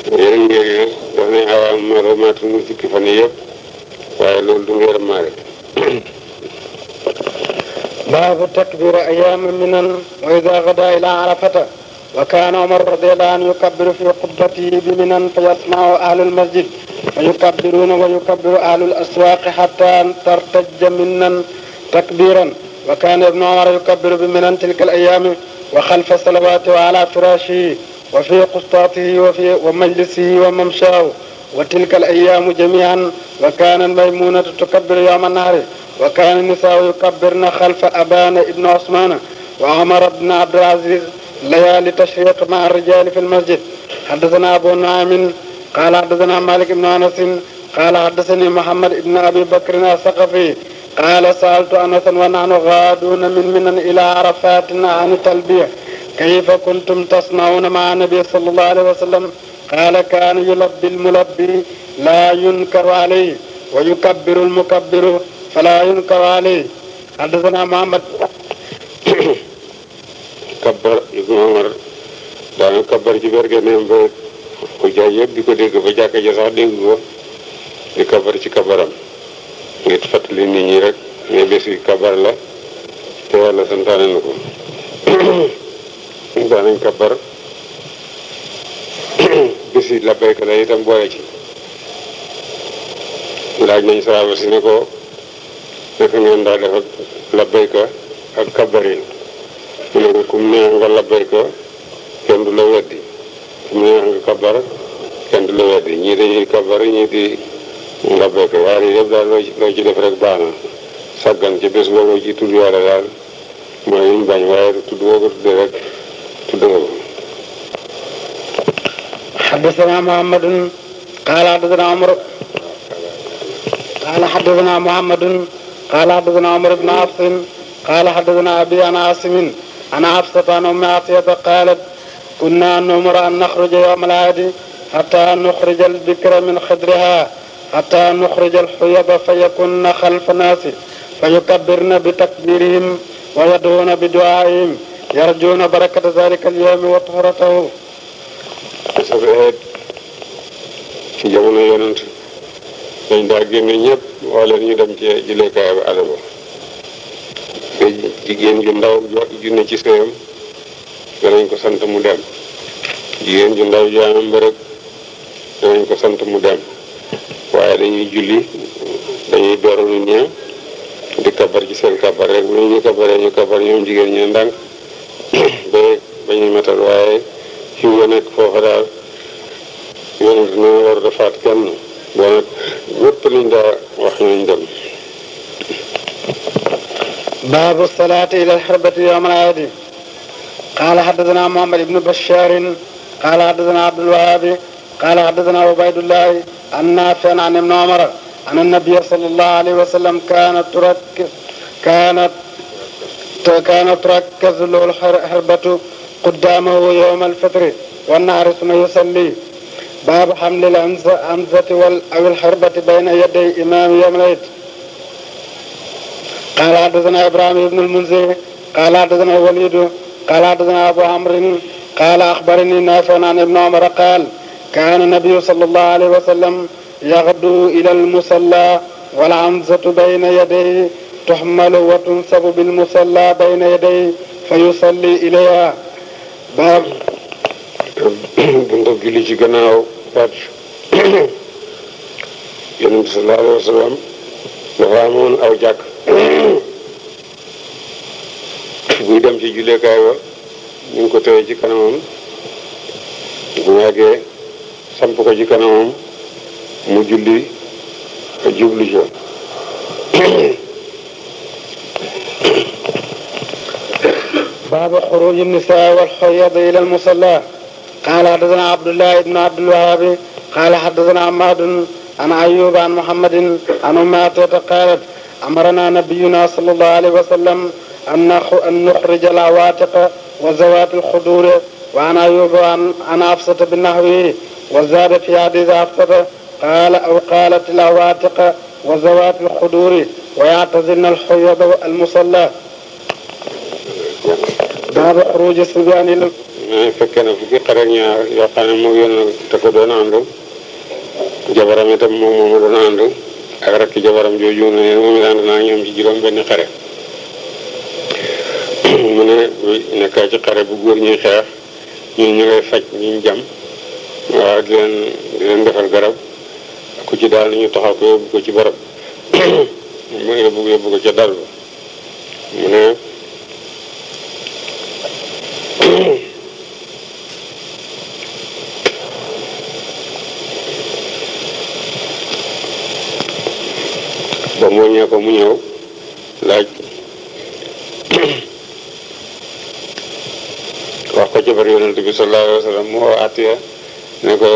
باب تكبير أيام من وإذا غدا إلى عرفة وكان عمر رضي الله عنه يكبر في قبته بمنى فيسمع أهل المسجد ويكبرون ويكبر أهل الأسواق حتى ترتج منا تكبيرا وكان ابن عمر يكبر بمنى تلك الأيام وخلف الصلوات وعلى فراشه وفي قسطاطه وفي ومجلسه وممشاه وتلك الأيام جميعا وكان الميمونة تكبر يوم النهر وكان النساء يكبرن خلف أبان ابن عثمان وعمر بن عبد العزيز ليالي تشريق مع الرجال في المسجد حدثنا أبو نعيم قال حدثنا مالك بن أنس قال حدثني محمد بن أبي بكر الثقفي قال سألت أنس ونحن غادون من منن إلى عرفات عن التلبية kayfa kuntum tasna'una ma'a nabi sallallahu alayhi wa sallam qaala kaana yulabbi al-mulabbi laa yunkaru alayhi wa yukabbiru al-mukabbiru falaa yunkaru alayhi haddathana Muhammad kabbar ibnu Umar daana kabbar ci bergeneem ba ku jaay yëpp di ko dégg ba jàkka ja sax dégg ko di kabar ci kabaram ngir fàttali nit ñi rek ne bés yi kabar la te yàlla santaane na ko suñ saa nañ kabar bisi labbayka la itam boole ci laaj nañ saaba si ne ko naka ngeen daa def ak labbayka ak kabar yi mu ko kum neex nga labbayka kenn du la weddi kum neex kabar kenn du la weddi ñii dañuy kabar ñii di labbayka waaye yëpp daal loo ci def rek baax na saggan ci bés boobu ci tudd yàlla daal mooy li bañ waaye tudd boobu tuddee rek حدثنا محمد قال حدثنا عمر قال حدثنا محمد قال حدثنا عمر بن عبس قال حدثنا أبي انا عاصم انا حفصة عن أم عطية قالت كنا نمر أن نخرج يوم العيد حتى نخرج البكر من خدرها حتى نخرج الحيض فيكن خلف الناس فيكبرن بتكبيرهم ويدعون بدعائهم يرجون بركة ذلك اليوم وطهرته sab eet ci jamono yonent dañ daa génne ñëpp woo leen ñu dem ci julleekaay ba adama te jigéen ju ndaw junne ci sëyam danañ ko sant mu dem jigéen ju ndaw jaamam mbërëg danañ ko sant mu dem waaye dañuy julli dañuy beru lu di kabar ci seen kabar rek bu ñu kabare ñu kabar ñoom jigéen ñi ndànk ba bañuy matal waaye xiw ya nekk foofa daal yonent na war da faat kenn boo nag ñëpp liñ daa wax nañ dem باب الصلاة إلى الحربة يوم العيد قال حدثنا محمد بن بشار قال حدثنا عبد الوهاب قال حدثنا عبيد الله عن نافع عن ابن عمر أن النبي صلى الله عليه وسلم كانت تركز كانت وكانت تركز له الحربة قدامه يوم الفطر والنار ثم يصلي باب حمل الأمزة أو الحربة بين يدي إمام يوم العيد قال حدثنا إبراهيم بن المنذر قال حدثنا الوليد قال حدثنا أبو عمرو قال أخبرني نافع عن ابن عمر قال كان النبي صلى الله عليه وسلم يغدو إلى المصلى والعمزة بين يديه تحمل وتنصب بالمصلى بين يديه فيصلي إليها باب بندق لي ci gannaaw bat yonent sallallahu alayhi wa sallam dafa amoon aw jàkk buy dem ci julleekaay wa ñu ngi ko teye ci kanamam bu yàggee samp ko ci kanamam mu julli jublu ca باب خروج النساء والحيض إلى المصلى قال حدثنا عبد الله بن عبد الوهاب قال حدثنا عماد عن أيوب عن محمد عن أم قالت أمرنا نبينا صلى الله عليه وسلم أن نخرج العواتق وزوات الخدور وعن أيوب عن, عن بن بالنحو وزاد في حديث أفصة قال أو قالت العواتق وزوات الخدور ويعتزلن الحيض المصلى baaba rooja sugaani la mais fekkee na jabaram itam ci juróom benn xare mu ne nekkaa ci xare bu góor ñuy xeex ñu ngay faj ñu jam waaw di leen di garab ku ci daal ñu taxaw ko yóbbu ko ci barab mu yóbbu yóbbu ko ca dal mu ne ba mooñee ko mu ñëw laaj wax ko jabar yonent bi sallallahu alayhi wa sallam mu woo Atiya ne ko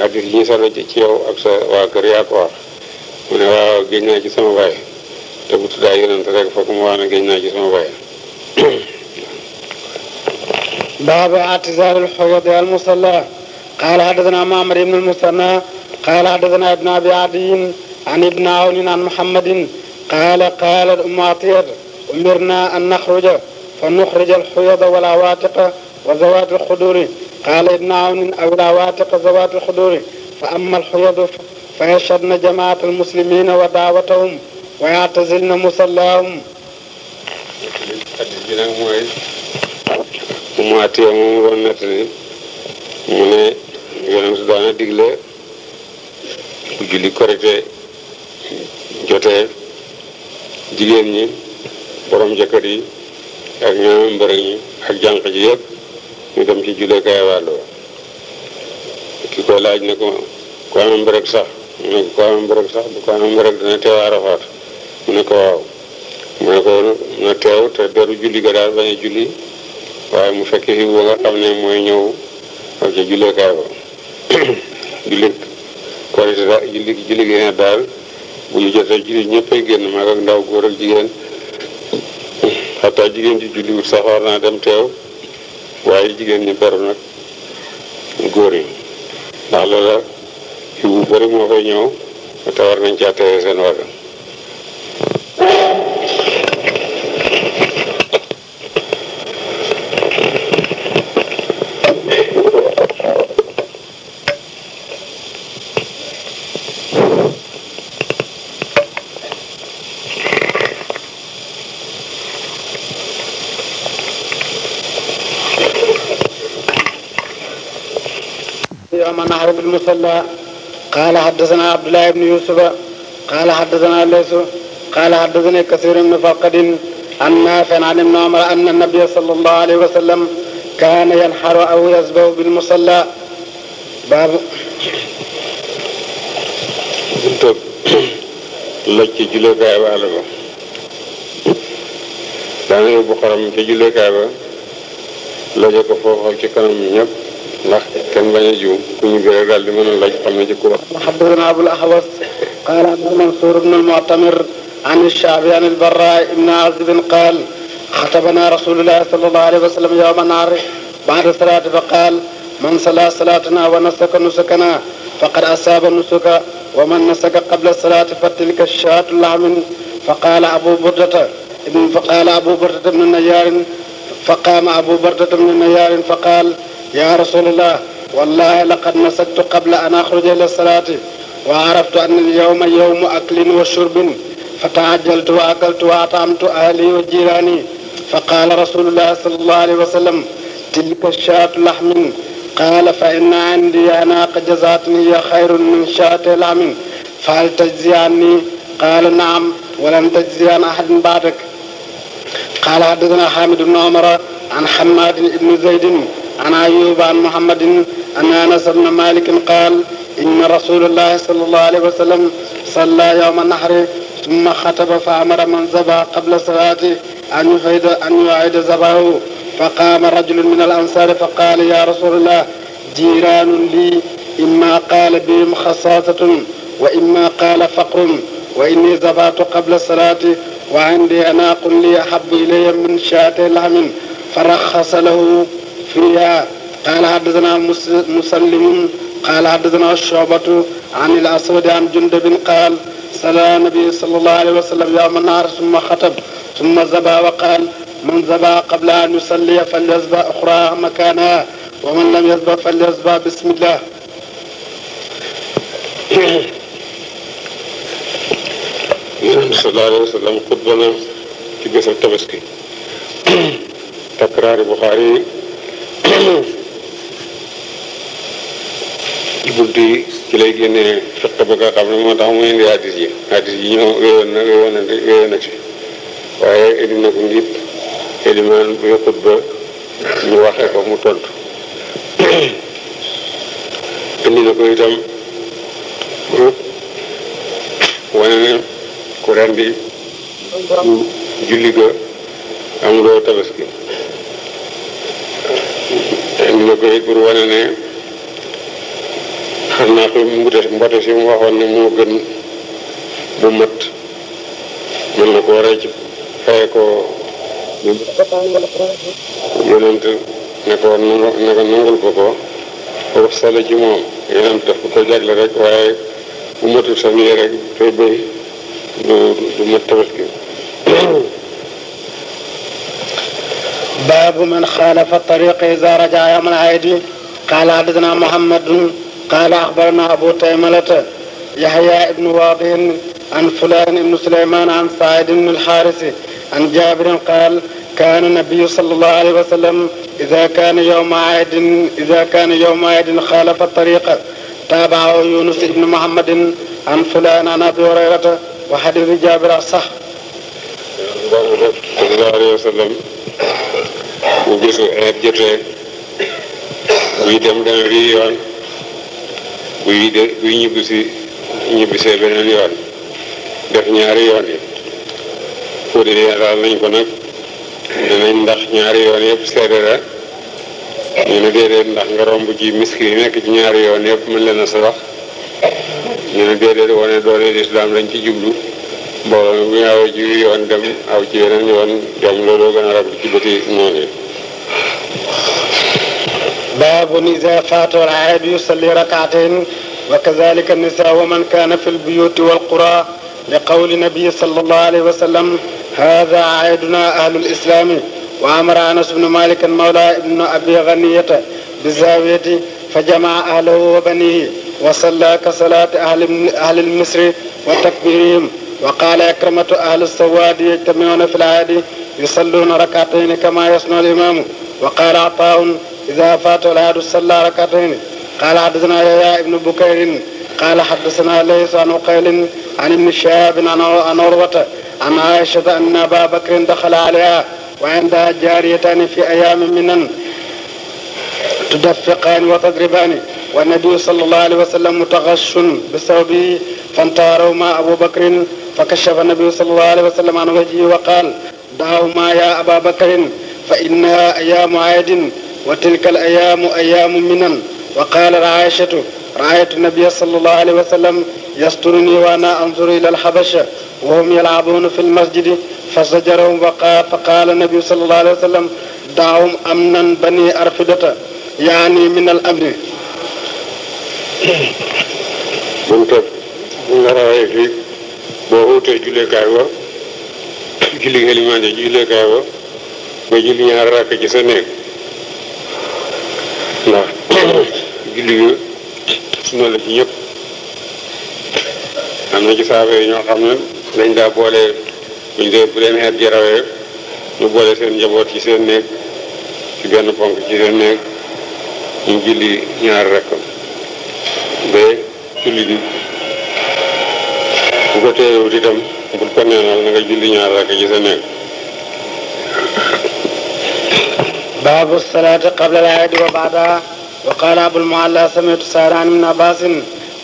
addis yi ñu solo ci yow ak sa waa kër yaa ko wax mu ne waaw géej naa ci sama baay te bu tuddaa yonent rek fokk mu wax ne géej ci sama baay باب اعتزال الحوض المصلى قال حدثنا مامر بن المثنى قال حدثنا ابن ابي عدي عن ابن عون عن محمد قال قال ام عطير امرنا ان نخرج فنخرج الحيض والعواتق وزوات الخدور قال ابن عون او العواتق زوات الخدور فاما الحيض فيشهدن جماعه المسلمين ودعوتهم ويعتزلن مصلاهم mu àttee moom woon nett ni mu ne yonent daana digle bu julli korite jotee jigéen ñi borom jëkkër yi ak ñoom mbërëg ñi ak jànq ji yëpp ñu dem ci jullekaay wàlloo ki ko laaj ne ko ku am mbërëg sax mu ne ko ku am sax bu ko am mbërëg dana teew Arafaat mu ne ko waaw mu ne ko na teew te deru julli ga daal bañ julli waaye mu fekkee fi ba nga xam ne mooy ñëw ak ca julleekaay ba jullit korite daal jullit julli gi daal bu génn mag ak ndaw góor ak jigéen xataa jigéen ji julliwut sax war naa dem teew waaye jigéen ñi beru nag góor yi ndax loola fi bu bëri moo fay ñëw te war nañ ca teewee seen wàll صلى قال حدثنا عبد الله بن يوسف قال حدثنا ليس قال حدثني كثير من فقد عن نافع عن ابن عمر أن النبي صلى الله عليه وسلم كان ينحر أو يزبو بالمصلى باب buntab laj ci julleekaay ba àll ba daana yóbbu xorom ca julleekaay ba laje ko foofa ci kanam ñëpp ndax kenn حدثنا أبو الأحوص قال عبد المنصور بن المعتمر عن الشعبي عن البراء بن عازب قال خطبنا رسول الله صلى الله عليه وسلم يوم النار بعد الصلاة فقال من صلى صلاتنا ونسك نسكنا فقد أصاب النسك ومن نسك قبل الصلاة فتلك الشاة اللحم فقال أبو بردة فقال أبو بردة بن نيار فقام أبو بردة بن نيار فقال يا رسول الله والله لقد نسدت قبل أن أخرج إلى الصلاة وعرفت أن اليوم يوم أكل وشرب فتعجلت وأكلت وأطعمت أهلي وجيراني فقال رسول الله صلى الله عليه وسلم تلك الشاة لحم قال فإن عندي أنا جزاتني هي خير من شاة لحم فهل تجزي عني قال نعم ولم تجزي عن أحد بعدك قال حدثنا حامد بن عمر عن حماد بن زيد عن أيوب عن محمد أن أنس بن مالك قال إن رسول الله صلى الله عليه وسلم صلى يوم النحر ثم خطب فأمر من زبا قبل صلاته أن يعيد أن يعيد زباه فقام رجل من الأنصار فقال يا رسول الله جيران لي إما قال بهم خصاصة وإما قال فقر وإني زبات قبل الصلاة وعندي أناق لي أحب إلي من شاة لحم فرخص له زكريا قال حدثنا مسلم قال حدثنا الشعبة عن الأسود عن جندب قال صلى النبي صلى الله عليه وسلم يوم النهار ثم خطب ثم زبا وقال من زبا قبل أن يصلي فليزبا أخرى مكانها ومن لم يزبا فليزبا بسم الله صلى الله عليه وسلم قدنا في قصر تبسكي تكرار البخاري ci bunt yi ci lay génnee fiq ba nga xam ne moo tax mu indi hadis yi hadis yi ñoo wéyoon na wéyoon na wéyoon na ci waaye indi na ko ngir élimaan buy xutba ñu waxee ko mu tontu indi na ko itam pour wane ne ku rendi julli ga amuloo tabaski am na ko it pour wane ne xam naa ko mbute mbote si mu waxoon ne moo gën bu mat mën na koo rey ci ko yonent ne ko nangu ko ko ko foofu solo ci moom yonent daf ko jagle rek waaye bu matul sax nii rek fay béy du du tabaski باب من خالف الطريق إذا رجع يوم العيد قال حدثنا محمد قال أخبرنا أبو تيملة يحيى بن واضح عن فلان بن سليمان عن سعيد بن الحارث عن جابر قال كان النبي صلى الله عليه وسلم إذا كان يوم عيد إذا كان يوم عيد خالف الطريق تابعه يونس بن محمد عن فلان عن أبي هريرة وحديث جابر صح. صلى الله عليه وسلم bu bisu heure jotee buy dem dana di yoon buy de buy ñibbisi ñibbisee beneen yoon def ñaari yoon yi quotidien daal nañ ko nag dinañ ndax ñaari yoon yëpp seede la ñu ne déedéet ndax nga romb ci miski yi nekk ci ñaari yoon yëpp mën leen a sarax ñu ne déedéet wane doole lislaam lañ ci jublu mbooloo ñu awee ci yoon dem aw ci yeneen yoon dem loolu gën kan, a rab ci bëti noonu باب إذا فات العائد يصلي ركعتين وكذلك النساء ومن كان في البيوت والقرى لقول النبي صلى الله عليه وسلم هذا عائدنا أهل الإسلام وأمر أنس بن مالك مولى ابن أبي غنية بالزاوية فجمع أهله وبنيه وصلى كصلاة أهل, أهل المصر وتكبيرهم وقال أكرمة أهل السواد يجتمعون في العادي يصلون ركعتين كما يصنع الإمام وقال عطاء إذا فاته العهد صلى ركعتين قال حدثنا يا ابن بكير قال حدثنا ليس عن قيل عن ابن شهاب عن عروة عن عائشة أن أبا بكر دخل عليها وعندها جاريتان في أيام منن تدفقان وتضربان والنبي صلى الله عليه وسلم متغش بثوبه فانتهرهما أبو بكر فكشف النبي صلى الله عليه وسلم عن وجهه وقال دعهما يا أبا بكر فإنها أيام عيد وتلك الأيام أيام منن وقال عائشة رأيت النبي صلى الله عليه وسلم يسترني وأنا أنظر إلى الحبشة وهم يلعبون في المسجد فزجرهم وقال فقال النبي صلى الله عليه وسلم دعهم أمنا بني أرفدة يعني من الأمن buntab bu nga rawee fii boo uutee julleekaay ba julli nga limaande julleekaay islam julli gi sunna la ci ñëpp am na ci saaba yi ñoo xam ne dañ daa boole ñu dee bu leen xeet ji ñu boole seen njaboot ci seen néeg ci benn ponk ci seen néeg ñu julli ñaar rek ba julli bi bu ko teewut itam bul ko neenal na julli ñaar rek ci sa néeg باب الصلاة قبل العهد وبعدها وقال أبو المعلى سمعت سهران بن عباس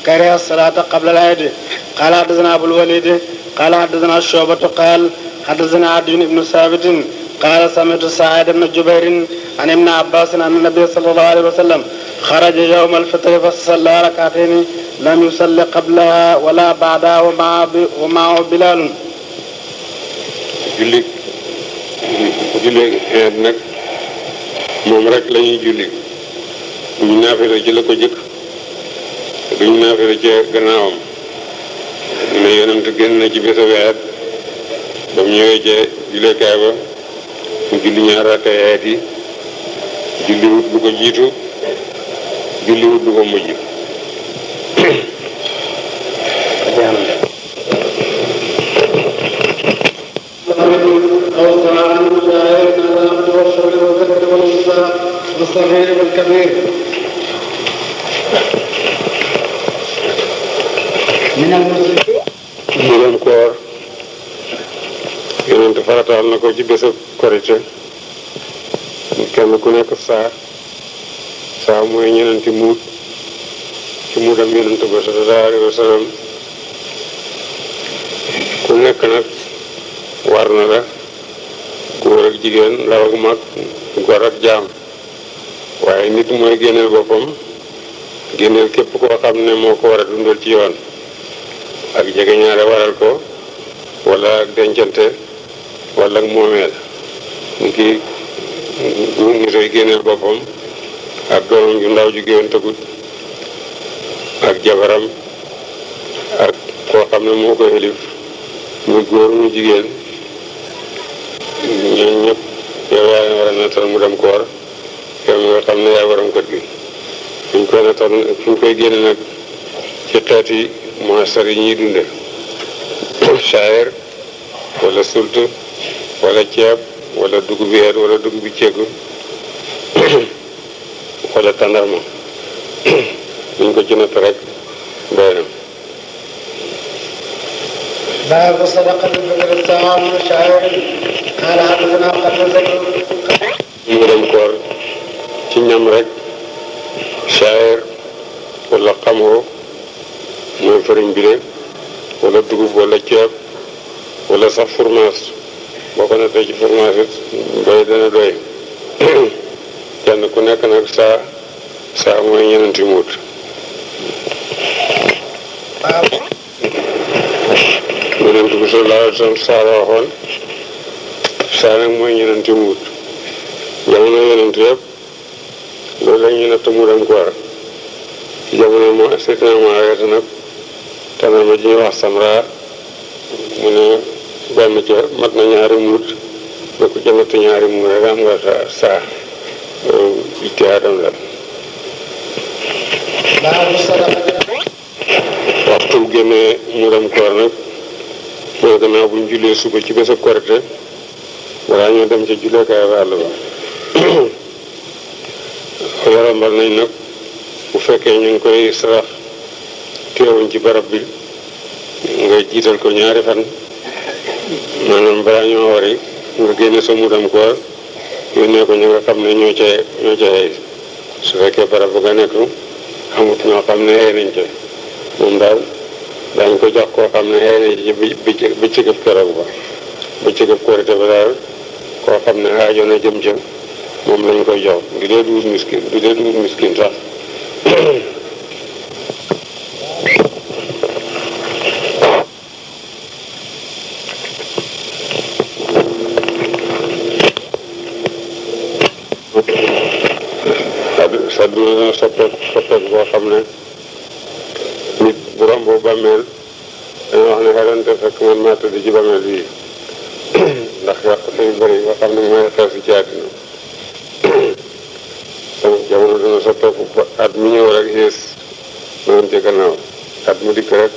كره الصلاة قبل العهد قال حدثنا أبو الوليد قال حدثنا الشعبة قال حدثنا عدي بن ثابت قال سمعت سعيد بن جبير عن ابن عباس عن النبي صلى الله عليه وسلم خرج يوم الفطر فصلى ركعتين لم يصلي قبلها ولا بعدها ومعه بلال julli julli nag moom rek lañuy ñuy julli duñu naafila ci la ko jëkk duñu naafila ci gannaawam ne yonent génn na ci bésa weet ba mu ñëwee ci jullekaay ba mu julli ñaar rakkayaat yi julliwut bu ko jiitu julliwut bu ko mujj الشباب الصغير والكبير من المسلمين juróom koor yonent farataal na ko ci bésab korite kenn ku nekk saa saa mooy ñenenti muut ci muutam yonent ba sallallahu alayhi wa sallam ku nekk nag la ak gor ak jaam waaye nit mooy génneel boppam génneel képp koo xam ne moo ko war a dundal ci yoon ak jege ñaare waral ko walla ak dencante wala ak moomeel niki góor ngi koy génneel boppam ak doomam ju ndaw ju géwén ak jabaram ak koo xam ne moo ko élif muy góor mu jigéen ñooñu ñëpp yow yaa ngi war a nattal mu dem koor yow mi nga xam ne yaay waram kër gi fi ñu koy nattal fi ñu koy génne nag ci xeeti moistar yi ñuy dunde chaer wala sult wala ceeb wala dugub yeer wala dugub ceegu wala tàndarma buñ ko ci natt rek doy na باب صدقة الفطر الطعام والشعائر قال حدثنا قتادة يورم كور ci ñam rek chair wala xamoo mooy fariñ bi de wala dugub wala ceeb wala sax fromage boo ko nattee ci ku nekk nag yonent bi sallallahu alayhi wa waxoon saa nag mooy ñu doon ci muut jamono yonent yëpp loolu la ñuy natt mu dem ko moo seetlu naa moo arrêté nag tamit ma ji ñuy wax samra mu ne benn ca mat na ñaari muut ba ku ca ñaari muut rek am nga saa um, waxtu génnee mu dem koor nag mooy gannaaw bu ñu jullee suba ci bésab korite balaa ñoo dem ca julleekaay ba àll nañ nag bu fekkee ñu ngi koy sarax teewuñ ci barab bi nga jiital ko ñaari fan maanaam balaa ñoo wari nga génne sa mudam koor yónnee ko ñu nga xam ne ñoo ca ñoo ca xëy su fekkee barab bu nga nekk amut ñoo xam ne xëy moom daal dañ ko jox koo xam ne xëy na bi bi ci gëf keroog ba bi ci gëf kër te daal koo xam ne aajo na jëm jëm moom lañ koy jox bi dee duur miskin bi dee duur miskin sax. sa du na sa sa boo xam ne. bàmmeel dana wax ne xelante fekk man maa tëdd ci bàmmeel bii ndax yàqute yu bëri nga xam ne mooy xew si ci àddina jamono dana soppeeku ba at mi ñëw ci gannaaw at mu dikk rek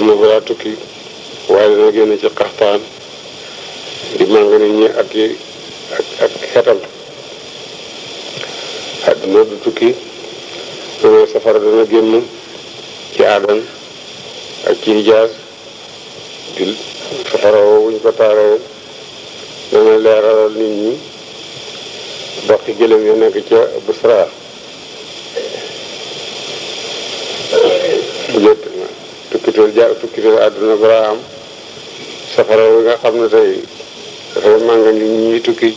gën balaa tukki waaye dana génn ci xaxtaan di màng nit ñi ak i ak xetal àdduna du tukki dana safara dana génn ci aadan ak ci hijaas di safara wuñ ko taaroo dana leeralal nit ñi baqi gëlëm ya nekk ca Busra lépp tukkital ja tukkital àdduna bara safara wi nga xam ne tey dafay mànga nit ñi tukki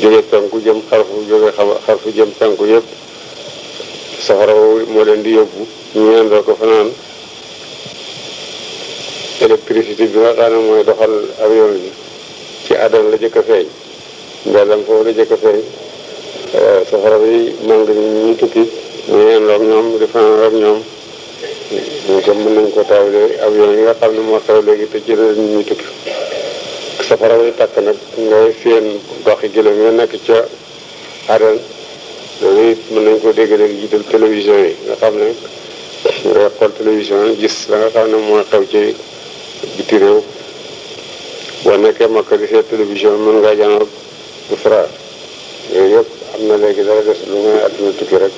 jóge penku jëm xarfu jóge jëm penku yëpp safara moo leen di yóbbu ñu yendoo ko fanaan électricité bi nga xam ne mooy doxal avion bi ci aadama la jëkk a feeñ njàllam foofu la jëkk feeñ safara màng nit ñi tukki ñu yendoo ñoom di fanaan ak ñoom ñun itam mën nañu ko taawalee avion yi nga xam ne moo xew léegi te ci réew ñu tukki safara way tàkk nag ngay seen doxi gëlëm nga nekk ca arène loolu it mën nañ koo dégg léegi jiital télévision yi nga xam ne ngay xool télévision gis la nga xam ne mooy xew ci biti boo nekkee makka di seet télévision mën ngaa jàngal du fra yooyu yëpp am na léegi dara des lu ngay àdduna tukki rek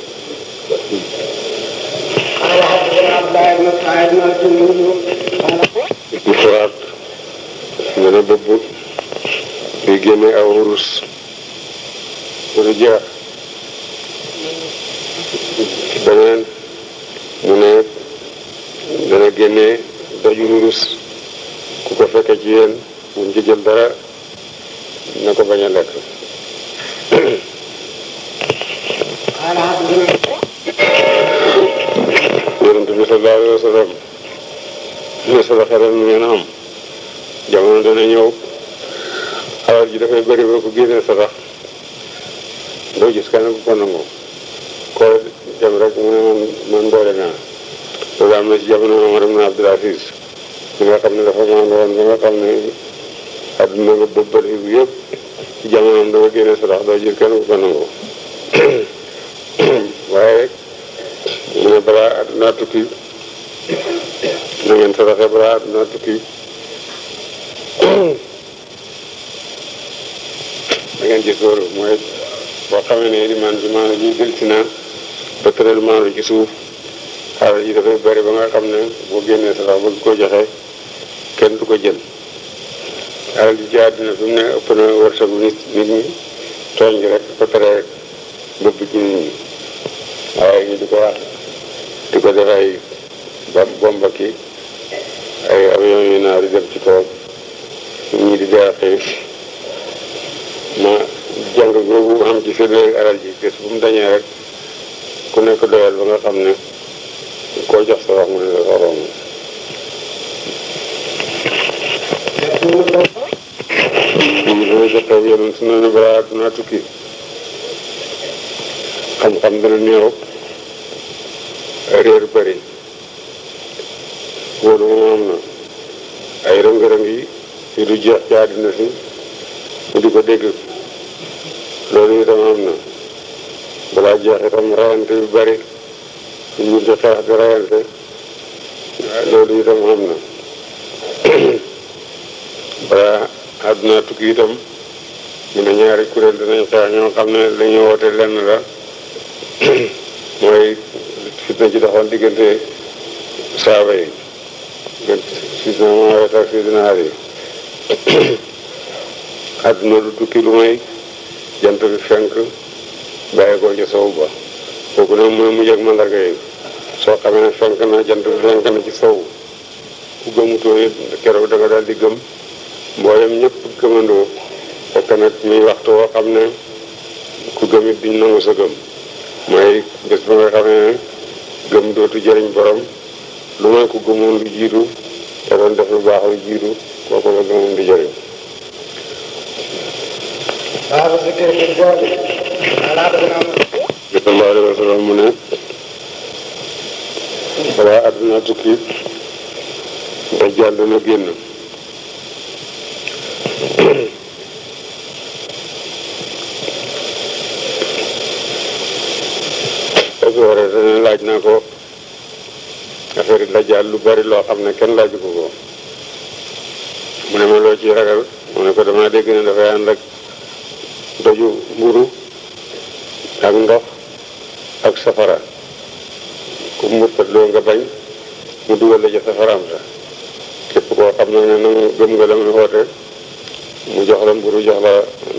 di furaat nga ne bëbb génne aw wurus rëja beneen mu ne dana génne doju wurus ku ko fekke ci yéen mu jël dara na ko bañ a lekk yonent bi sallallahu alayhi wa sallam ne sala xeral mi ngeen am jamono dana ñëw alal ji dafay bëri ba ko génnee sadax doo gis kenn ku ko nangu koo dem rek mu ne man man boole naa loolu am na ci jamono Omar ibn Abdul Aziz mi nga xam ne dafa maandu woon ba nga xam ne adduna nga bëbbal xigu yëpp ci jamonoom dafa génnee sadax doo gis kenn ku ko nangu waaye rek mu ne balaa àdduna tukki na ngeen saraxe balaa àdduna tukki da ngeen gis mooy boo xamee ne limaan bi maanaam ji delsi na ba tëral maanaam ci suuf xaaral ji dafay bëri ba nga xam ne boo génnee sarax bëgg koo joxe kenn du ko jël xaaral ji ci àdduna fi mu ne ëpp na wërsëgu nit nit ñi tooñ gi rek ba tere bëgg ci nit ñi waaye ñu di ko wax di ko def ay bomba ki ay avion yu naar di ci kaw ñii di dee xiif ma jàng googu mu am ci firnde alal ji gis bu mu dañee rek ku nekk doyal ba nga xam ne koo jox sa wax mu ne la waroon mu ne sa xew naa tukki xam-xam dana néew réer bëri wóolu moom am na ay rëng-rëng yi yu du jeex ci àddina si mu di ko dégg loolu itam am na balaa jeex itam rayante yu bëri ñu mun ci xeex di rayante loolu itam am na balaa àdduna tukki itam mu ne ñaari kuréel dinañ xeex ñoo xam ne la ñu woote lenn la mooy fitna ci doxoon diggante saaba yi fitna Muawiya ak Seydina Ali àdduna du tukki lu may jant bi fenk bàyyi ko ci sow ba kooku nag mooy mujj ak mandarga yi soo xamee ne fenk na jant bi fenk na ci sow ku gëmutoo it keroog da nga daal di gëm mboolem ñëpp gëmandoo fekk nag muy waxtu woo xam ne ku gëm it duñ nangu sa gëm mooy bés ba nga xam ne gëm dootu jëriñ borom lu mooy ko gëmoon lu jiitu te def lu baax lu jiitu kooku la gëmoon du jëriñ sallallahu alayhi wa sallam mu ne balaa àdduna tukki dajjal dana génn na ko la dajaal lu bari loo xam ne kenn laa ko ko mu ne ma loo ciy ragal mu ne ko damaa dégg ne dafay ànd ak doju mburu ak ndox ak safara ku murtat loo nga bañ mu dugal la ca safaraam sa képp koo xam nag ne nangu gëm nga la muy woote mu jox la mburu jox la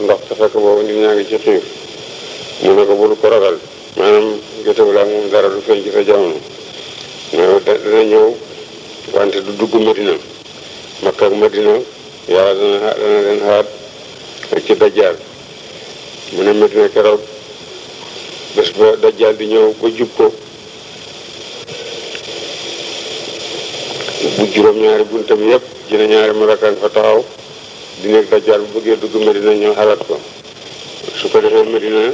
ndox te fekk boobu nit ñaa ngi ci xiif mu ne ko bul ko ragal manam jotewu la mom dara du feñ ci sa jamono no dana ñew wante du dugg medina makka ak medina yalla dana dana len haat ci dajjal mu ne medina kérok bes ba dajjal di ñew ko jup ko bu juróom ñaari buntam yépp dina ñaari malakan fa taxaw di nekk dajjal bu bëggee dugg medina ñu xalaat ko su ko defee medina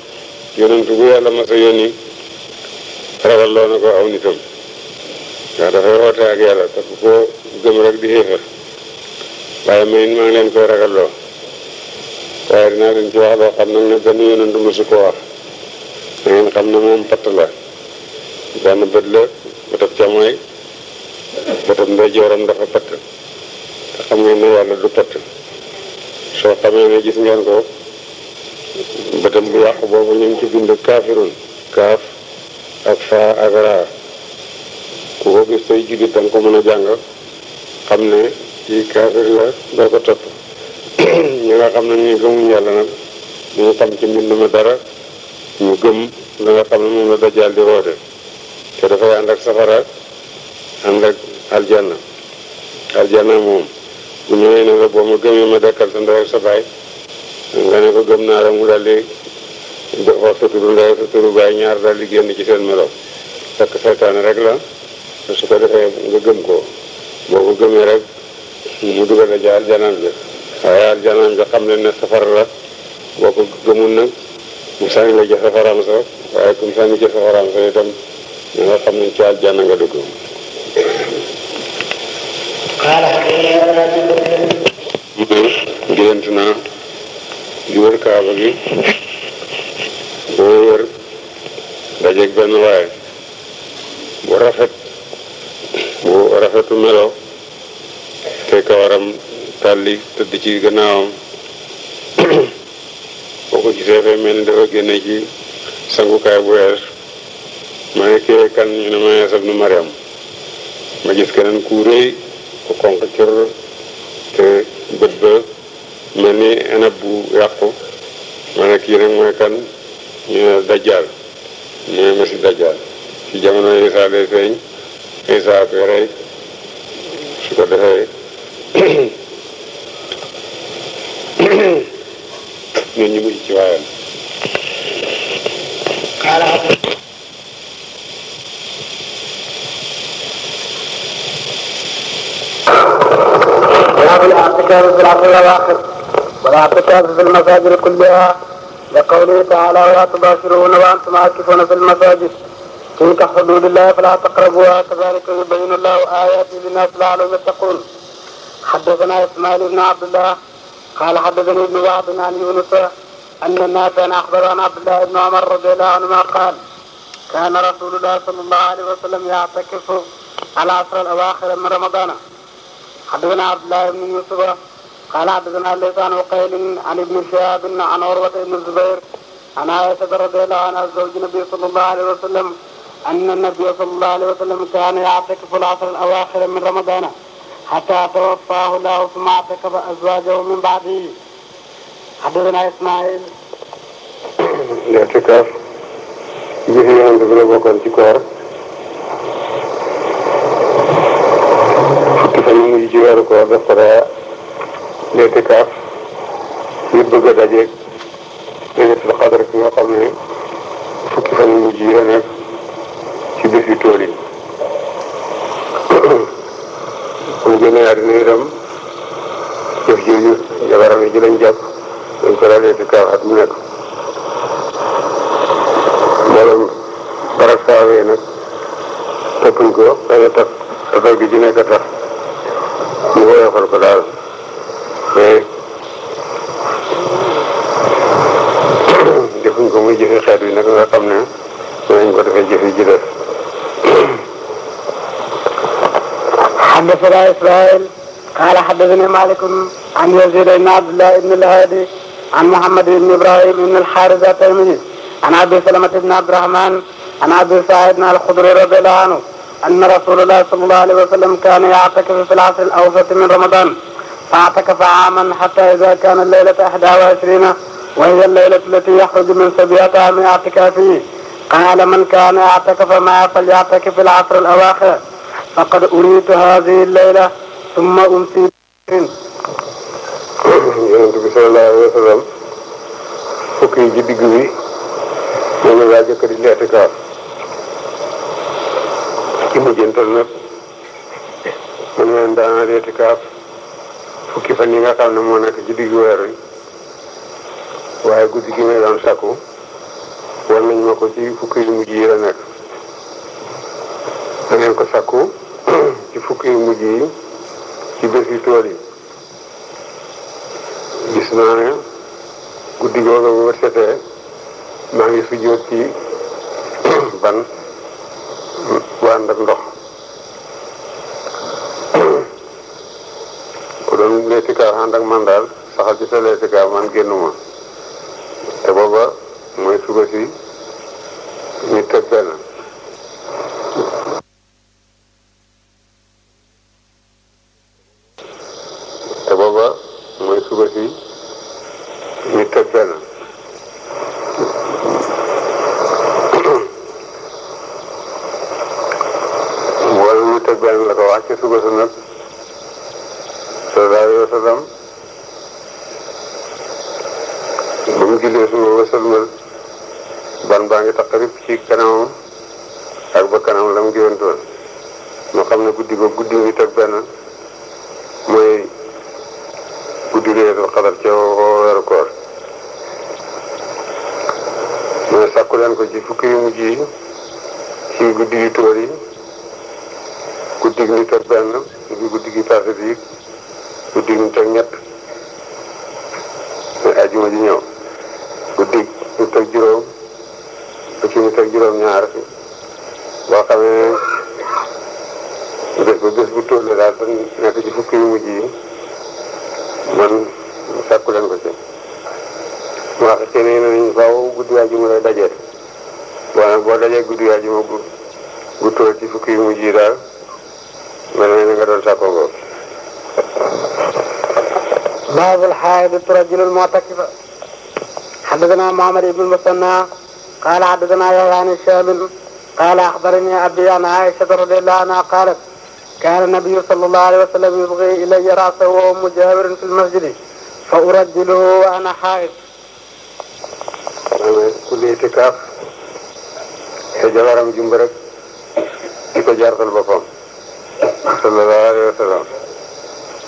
yonent bu yàlla mas a yónni ragal loo na ko aw nitam ndax dafay woote ak yàlla te ku ko gëm rek di xéefar waaye man maa ngi leen koy ragal loo waaye dinaa leen ci wax loo xam nag ne benn yonent mosu ko wax da xam ne moom patt la benn bët la bëtab càmmooñ bëtab ndeyjooram dafa patt te xam ngeen ne yàlla du patt soo xamee ne gis ngeen ko bëtam bu yàqu boobu ñu ngi ci bind kaafirun kaaf ak faa ak raa ku ko gis tey jullit danga ko mën a jàng xam ne ci kaafir la doo ko topp ñi nga xam ne ñu gëmuñ yàlla nag ñu ci mbind mi dara ñu gëm nga xam ne moom la dajaal di woote te dafay ànd ak safara ànd ak aljanna aljanna moom bu ñëwee ne la boo ma gëmee ma dekkal sa ndey sa baay nga ne ko gëm naa la mu daal di wax sa turu ndey sa turu baay ñaar daal di génn ci seen melo takk seytaane rek la su ko defee nga gëm ko boo ko gëmee rek mu dugal la jaar janaan bi waaye jaar janaan xam ne ne safara la boo ko gëmul nag mu sànni la ca safaraam sa waaye comme sànni ca safaraam sa itam da nga xam ne ci àjjana nga dugg. mu naa. نہیں سنگو میں سب نے مارے میں جس کے انے mel ni enab bu yàqu ma ne kii kan ñu ne dajjaal mooy ci jamono Isaa lay feeñ Isaa koy rey su ko defee ci waayam aa ولا تشاف في المساجد كلها لقوله تعالى ولا تباشرون وانتم عاكفون في المساجد تلك حدود الله فلا تقربوها كذلك يبين الله اياته للناس لعلهم يتقون حدثنا اسماعيل بن عبد الله قال حدثني ابن وهب عن يونس ان الناس ان اخبر عن عبد الله بن عمر رضي الله عنهما قال كان رسول الله صلى الله عليه وسلم يعتكف على العصر الاواخر من رمضان حدثنا عبد الله بن يوسف قال حدثنا ليس عن وقيل عن ابن شهاب عن عروة بن الزبير عن عائشة رضي الله عنها زوج النبي صلى الله عليه وسلم أن النبي صلى الله عليه وسلم كان يعتكف العشر الأواخر من رمضان حتى توفاه الله ثم اعتكف أزواجه من بعده حدثنا إسماعيل الاعتكاف جه عند ابن بكر جكار فكيف يجي ويركض l'étikaaf ngir bëgg a dajeeg laylatul qadr bi nga xam ne fukki fan yu mujj nekk ci bés yu tool yi. mu génnee àddina itam jëf jooju jabaram yi ji lañ jàpp dañ ko daal étikaaf at mu nekk mboolem barab saawee nag toppuñ ko dana tax dafay gi ci nekk tax ñu woyofal ko daal. defuñ ko muy xeet wi nag nga xam ne nañ ko defee ji def حدثنا إسرائيل قال حدثني مالك عن يزيد بن عبد الله بن الهادي عن محمد بن إبراهيم بن الحارث التيمي عن عبد سلمة بن عبد الرحمن عن عبد أبي بن الخضر رضي الله عنه أن رسول الله صلى الله عليه وسلم كان يعتكف في العصر الأوسط من رمضان فاعتكف عاما حتى إذا كان الليلة 21 وهي الليلة التي يخرج من سبيتها من اعتكافه قال من كان اعتكف معي فليعتكف العصر الأواخر فقد أريت هذه الليلة ثم أمسي yonent bi sallallahu alayhi wa fukki fan yi nga xam ne moo nekk ci diggu weer waaye guddi gi may doon sakku war nañ ma ko ci fukki yu mujj yi la nekk da ngeen ko ci fukki yu yi ci bés yu tool yi gis naa ne guddi bu ma setee maa ngi fi jóot ci ban waan ak ndox ku doon leetikaaf ànd ak man daal saxal ci sa leetikaaf man génnuma te booba mooy suba si ñu teg benn te booba mooy suba si ñu teg benn wala ñu teg benn la ko wax ci suba si sallam ba mu jullee suba ba sëlmal ban baa ngi taqarib ci kanamam ak ba kanam la mu géwantoon moo xam ne guddi ba guddi bi teg benn mooy guddi leetul xadar ca weeru koor mooy sàkku leen ko ci fukki yu mujj yi ci guddi yu tóor yi guddi gi teg benn guddi gi passé bi guddi teg ñett muy ajuma ji ñëw guddi ñu teg juróom bëcc ñu teg juróom ñaar boo xamee bés bu bés bu tólle daal ba nekk ci fukki yu mujj man sàkku leen ko ci mu wax ci ne nañ faaw guddi ajuma lay dajee boo nag boo dajee guddi ajuma bu bu tóol ci fukki yu mujj yi daal nga ko باب الحائض ترجل المعتكفة حدثنا معمر بن المثنى قال حدثنا يحيى بن قال اخبرني ابي عن عائشه رضي الله عنها قالت كان النبي صلى الله عليه وسلم يبغي الي راسه وام جابر في المسجد فارجله وانا حائض. نعم، كل اعتكاف جبارم جنبرك جمبرك ko البطن صلى الله عليه وسلم.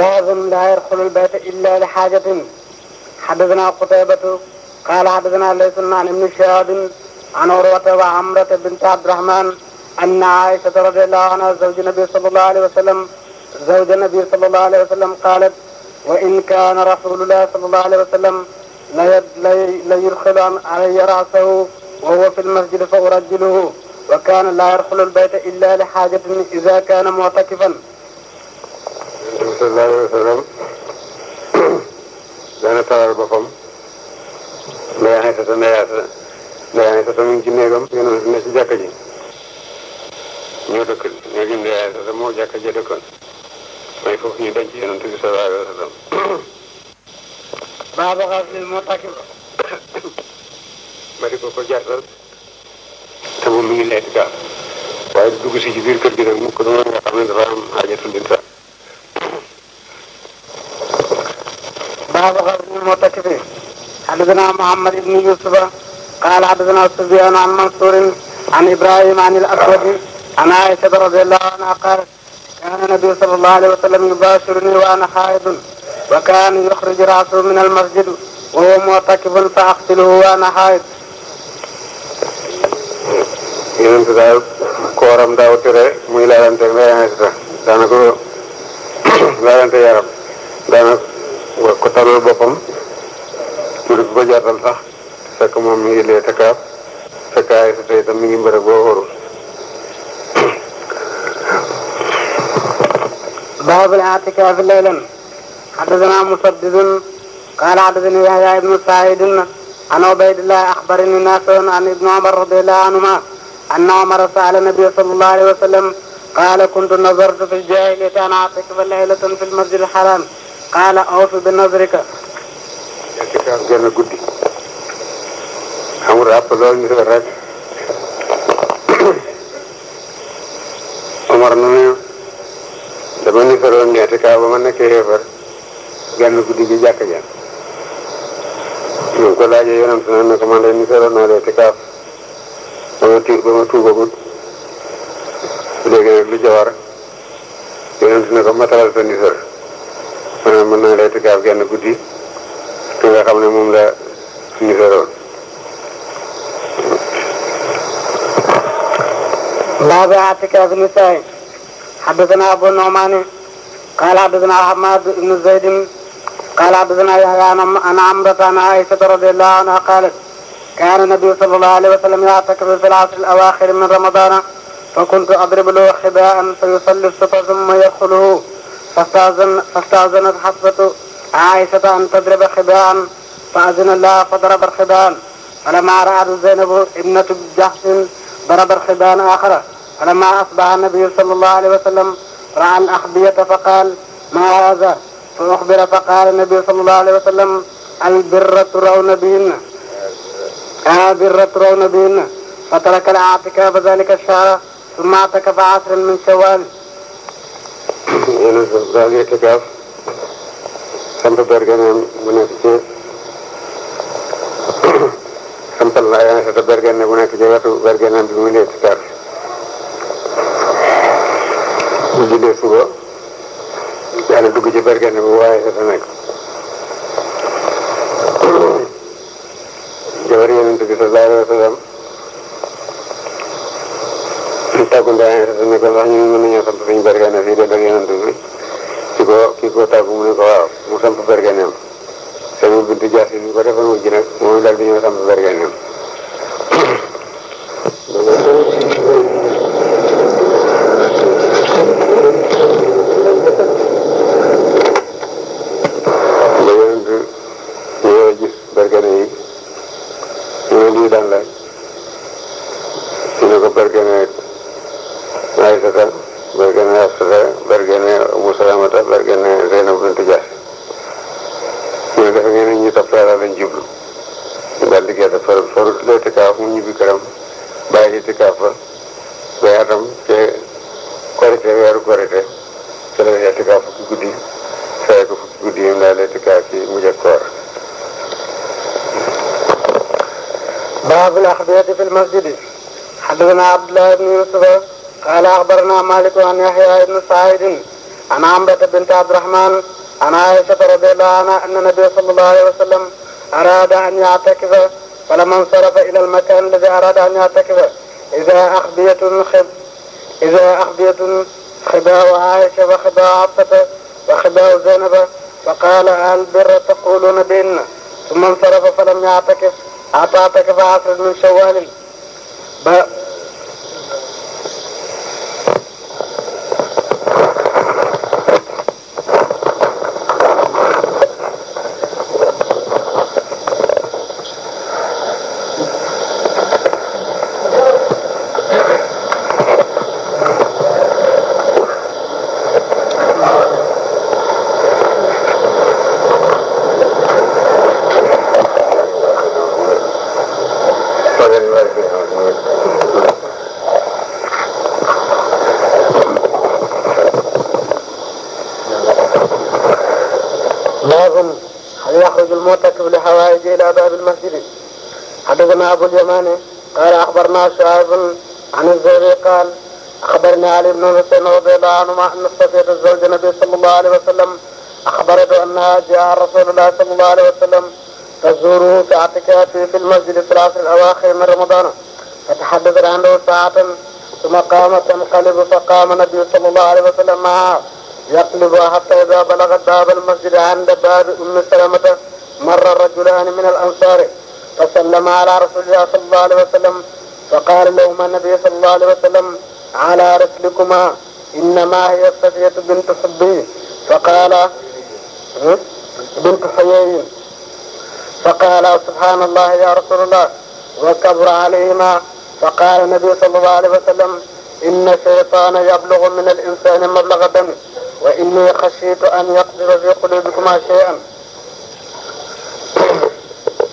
باب لا يدخل البيت إلا لحاجة حدثنا قتيبة قال حدثنا ليس عن ابن شهاب عن عروة وعمرة بنت عبد الرحمن أن عائشة رضي الله عنها زوج النبي صلى الله عليه وسلم زوج النبي صلى الله عليه وسلم قالت وإن كان رسول الله صلى الله عليه وسلم ليدخل علي رأسه وهو في المسجد فأرجله وكان لا يدخل البيت إلا لحاجة إذا كان معتكفا صلى الله عليه وسلم dana taral boppam mbayaane tata ndayaata mbayaane tata mu ngi ci néegam yonent ne ci jàkka ji ñoo dëkk néegi ndayaane tata moo jàkka ji dëkkoon mooy foofu ñu denc yonent bi sallallahu alayhi wa sallam baaba xas li moo takki ko ma di ko ko jàttal te moom mi ngi leeti gaal waaye dugg si ci biir kër gi nag mu ko dama nga xam ne dafa am aajatul insan وهذا غير المعتكفين حدثنا محمد بن يوسف قال حدثنا سفيان عن منصور عن ابراهيم عن الاسود عن عائشه رضي الله عنها قال كان النبي صلى الله عليه وسلم يباشرني وانا حائض وكان يخرج راسه من المسجد وهو معتكف فاقتله وانا حائض. yonent daal kooram daaw tere muy laalante ak ndey Aïcha daanaka mooy ko tànnal boppam mu di ko jaatal sax fekk moom mi ngi lee takaab fekk ay sa tam mi ngi mbërë boo warul باب الاعتكاف ليلا حدثنا مسدد قال حدثني يحيى بن سعيد عن عبيد الله اخبرني نافع عن ابن عمر رضي الله عنهما ان عمر سال النبي صلى الله عليه وسلم قال كنت نظرت في الجاهليه انا اعتكف ليله في المسجد الحرام qaala awfi bi nazrika i'tikaaf guddi amul ràpp loolu ñu rek rek Omar nu ne dama ni faroon i'tikaaf ba ma nekkee xeefar genn guddi gi jàkk ja ñu ko laajee yoonam su ne ko man de ni faroon naa i'tikaaf ba ma tu ba ma tuubagut léegi lu ca war yoonam su ne ko matalal sa mën na mën naa lay tikaaf genn guddi ki nga xam ne moom la ñu feroon حدثنا ابو النعمان قال حدثنا حماد بن زيد قال حدثنا يحيى عن عمرة عن عائشة رضي الله عنها قالت كان النبي صلى الله عليه وسلم يعتكف في العشر الاواخر من رمضان فكنت اضرب له حذاء فيصلي الصبح ثم يدخله فاستأذن فاستأذنت حفصة عائشة أن تضرب خبان فأذن الله فضرب الخدان فلما رأت زينب ابنة جحش ضرب الخدان آخر فلما أصبح النبي صلى الله عليه وسلم رأى الأحبية فقال ما هذا فأخبر فقال النبي صلى الله عليه وسلم البر ترون بهن آه، البر ترون بهن فترك الاعتكاف ذلك الشهر ثم اعتكف عشرا من شوال yéen a daal itikaaf samp bergeneem bu nekk ci sampal naa yéen a sata bergene bu nekk ci wetu bergeneem bi mu ngi itikaaf bu jullee suba daana dugg ci bergene bu waaye sata nekk jabar yonent bi sallallahu alayhi wa sallam tàggu Ndeye Aina ne ko ñu mën nañoo ñu bergane fii dend ak yonent bi ki ko ki ko tàggu mu ne ko waaw mu samp berganeem sama bintu jaasi bi ko defal mujj nag moom daal di ñëw حدثنا عبد الله بن يوسف قال اخبرنا مالك عن يحيى بن سعيد عن عمرة بنت عبد الرحمن عن عائشة رضي الله عنها أن النبي صلى الله عليه وسلم أراد أن يعتكف فلما انصرف إلى المكان الذي أراد أن يعتكف إذا أخبية خب إذا أخبية خباء عائشة وخباء عفة وخباء زينب فقال أهل بر تقولون بإن ثم انصرف فلم يعتكف اعتكف عصر من شوال باب المسجد حدثنا ابو اليمان قال اخبرنا شعيب عن الزهري قال اخبرني علي بن حسين رضي الله عنهما ان صفيه الزوج النبي صلى الله عليه وسلم اخبرته انها جاء رسول الله صلى الله عليه وسلم تزوره في في المسجد في العصر الاواخر من رمضان فتحدث عنه ساعه ثم قام تنقلب فقام النبي صلى الله عليه وسلم معها يقلب حتى اذا بلغت باب المسجد عند باب ام سلمه مر الرجلان من الأنصار فسلم على رسول الله صلى الله عليه وسلم فقال لهما النبي صلى الله عليه وسلم على رسلكما إنما هي الصفية بنت حبي فقال بنت حيين فقال سبحان الله يا رسول الله وكبر عليهما فقال النبي صلى الله عليه وسلم إن الشيطان يبلغ من الإنسان مبلغ دم وإني خشيت أن يقدر في قلوبكما شيئا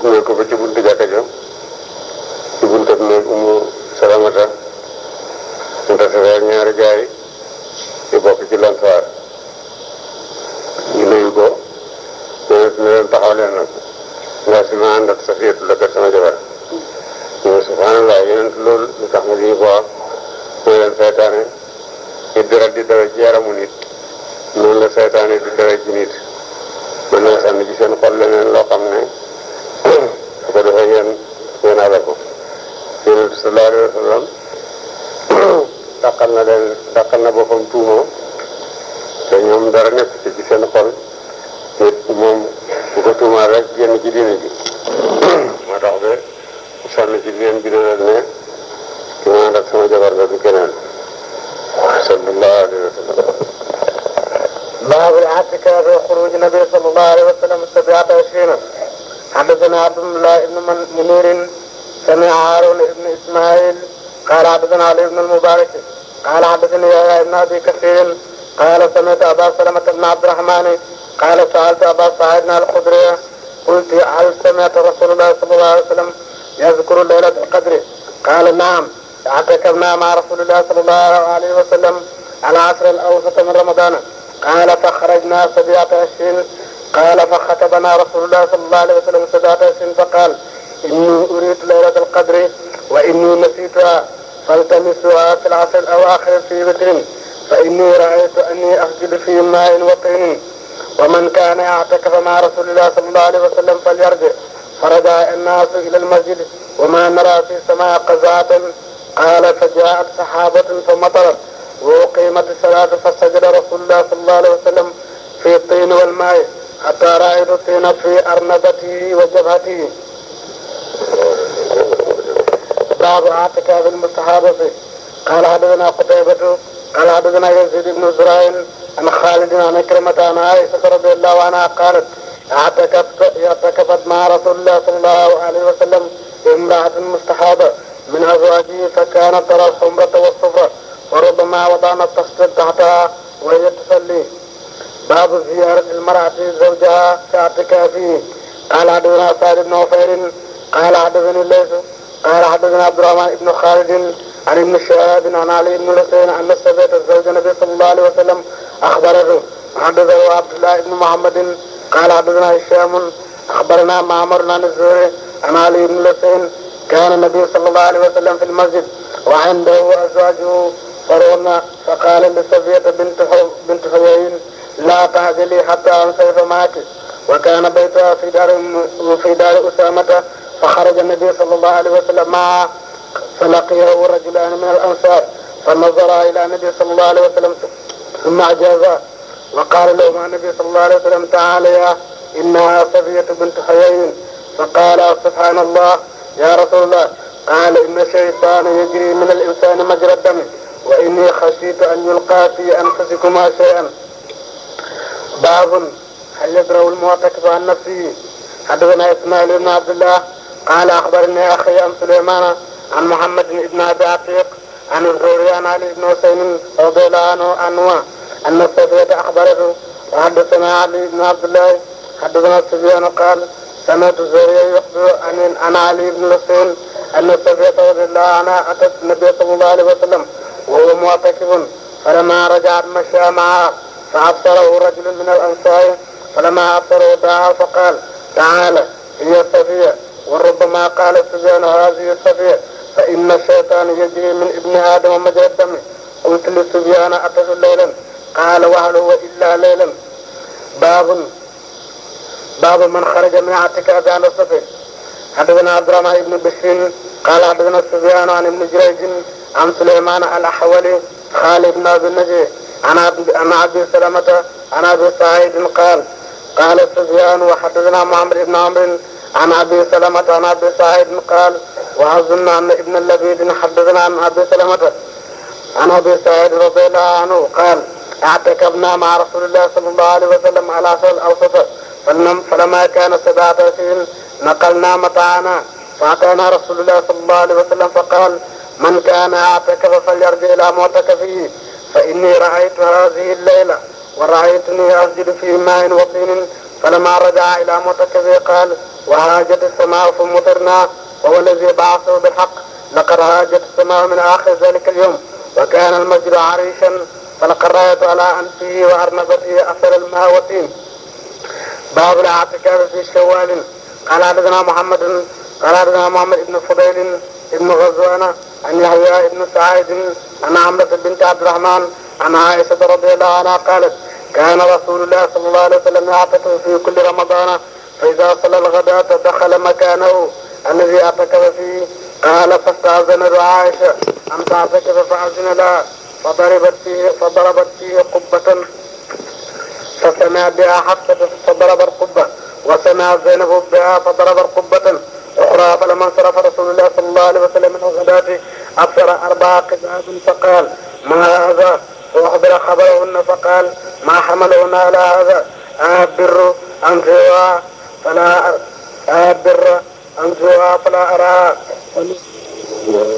gunge ko ba ci buntu jàkka ja ci buntu ak néeg umu salamata mu tase ak ñaari gaay yi bokk ci lansaar ñu nuyu ko ñoom ñu leen taxaw leen nag ndax si ma ànd ak sa fiyatu la kat sama jabar ñu ne subhanallah yeneen loolu tax nga di ko wax mooy leen saytaane di dara di dara ci yaramu nit la saytaane di dara ci nit mën na sànni ci seen xol leneen loo xam ne ഐവൻ പൂനാഥപ്പും sallam takkal na leen takkal na boppam tuuma te ñoom dara nekk ci ci seen xol nit moom bu ko tuumaa rek génn ci diine ji moo tax ba sonn ci leen bi dana ne ki ma ànd ak sama jabar la du keneen sallallahu alayhi wa sallam باب العتكة بخروج النبي صلى الله عليه وسلم السبعة وعشرين حدثنا عبد الله بن منير سمع هارون بن اسماعيل قال حدثنا علي بن المبارك قال حدثني يا بن ابي كثير قال سمعت ابا سلمه بن عبد الرحمن قال سالت ابا سعيد الخدري قلت هل سمعت رسول الله صلى الله عليه وسلم يذكر ليله القدر قال نعم اعتكفنا مع رسول الله صلى الله عليه وسلم على عشر الاوسط من رمضان قال فخرجنا سبعه عشرين قال فخطبنا رسول الله صلى الله عليه وسلم سداد بأس فقال إني أريد ليلة القدر وإني نسيتها فالتمسها في العصر الأواخر في بدر فإني رأيت أني أسجد في ماء وطين ومن كان يعتكف مع رسول الله صلى الله عليه وسلم فليرجع فرجع الناس إلى المسجد وما نرى في السماء قزعة قال فجاءت سحابة فمطرت وأقيمت الصلاة فسجد رسول الله صلى الله عليه وسلم في الطين والماء حتى رأيت الطين في أرنبته وجبهته باب اعتكاف المستحاضة قال حدثنا قتيبة قال حدثنا يزيد بن زرايل عن خالد عن كلمة عن عائشة رضي الله عنها قالت اعتكفت اعتكفت مع رسول الله صلى الله عليه وسلم امرأة مستحاضة من أزواجه فكانت ترى الحمرة والصفرة وربما وضعنا التخت تحتها وهي تصلي باب زيارة المرأة زوجها فيه قال حدثنا سعد بن عفير قال حدثني الليث قال حدثنا عبد الرحمن بن خالد عن ابن شهاب عن علي بن الحسين عن السبيت الزوج النبي صلى الله عليه وسلم اخبره حدثه عبد الله بن محمد قال حدثنا هشام اخبرنا معمر عن الزهري عن علي بن الحسين كان النبي صلى الله عليه وسلم في المسجد وعنده ازواجه فرونا فقال لسفية بنت حو بنت حوين لا تهج لي حتى أنصرف معك وكان بيتها في دار في دار أسامة فخرج النبي صلى الله عليه وسلم معه فلقيه رجلان من الأنصار فنظرا إلى النبي صلى الله عليه وسلم ثم أعجازا وقال لهما النبي صلى الله عليه وسلم تعاليا إنها صفية بنت حيين فقال سبحان الله يا رسول الله قال إن الشيطان يجري من الإنسان مجرى الدم وإني خشيت أن يلقى في أنفسكما شيئا باب هل يكره المعتكف عن نفسه حدثنا اسماعيل بن عبد الله قال اخبرني اخي عن سليمان عن محمد بن ابي عتيق عن الزهري عن علي بن حسين رضي الله عنه انواع ان السفيه اخبرته وحدثنا علي بن عبد الله حدثنا السبيان قال سمعت الزهري يخبر عن عن علي بن حسين ان السفيه رضي الله عنها اتت النبي صلى الله عليه وسلم وهو معتكف فلما رجعت مشى معه فعطره رجل من الأنصار فلما عطره دعا فقال تعالى صفية وربما قال السجان هذه صفية فإن الشيطان يجري من ابن آدم مجرى الدم قلت للسبيان أتت ليلا قال وهل هو إلا ليلا باب باب من خرج من اعتكاف عن الصفر حدثنا عبد الرحمن بن بشير قال حدثنا السبيان عن ابن جريج عن سليمان الاحولي خالد بن ابي النجيه عن عن ابي سلمه عن ابي سعيد قال قال سفيان وحدثنا معمر بن عمرو عن ابي سلمه عن ابي سعيد قال واظن ان ابن اللبيد حدثنا عن ابي سلمه عن ابي سعيد رضي الله عنه قال اعتكفنا مع رسول الله صلى الله عليه وسلم على شهر الاوسط فلما كان سبعة سنين نقلنا متاعنا فأتانا رسول الله صلى الله عليه وسلم فقال من كان اعتكف فليرجع إلى معتكفه فإني رأيت هذه الليلة ورأيتني أسجد في ماء وطين فلما رجع إلى متكبه قال وهاجت السماء فمطرنا وهو الذي بعثه بالحق لقد هاجت السماء من آخر ذلك اليوم وكان المسجد عريشا فلقد رأيت على أنفه وأرنبته أثر الماء وطين باب الاعتكاف في شوال قال حدثنا محمد قال حدثنا محمد بن فضيل ابن غزوانة عن يحيى بن سعيد عن عمرة بنت عبد الرحمن عن عائشة رضي الله عنها قالت كان رسول الله صلى الله عليه وسلم يعتكف في كل رمضان فإذا صلى الغداة دخل مكانه الذي اعتكف فيه قال فاستأذن عائشة أن تعتكف فأذن لها فضربت فيه فضربت فيه قبة فسمى بها حتى فضرب القبة وسمى زينب بها فضرب القبة أخرى فلما انصرف رسول الله صلى الله عليه وسلم من الغداة أبصر أربع قباب فقال ما هذا وأخبر خبرهن فقال ما حملهن على هذا أبر أن فلا أبر أن فلا أرى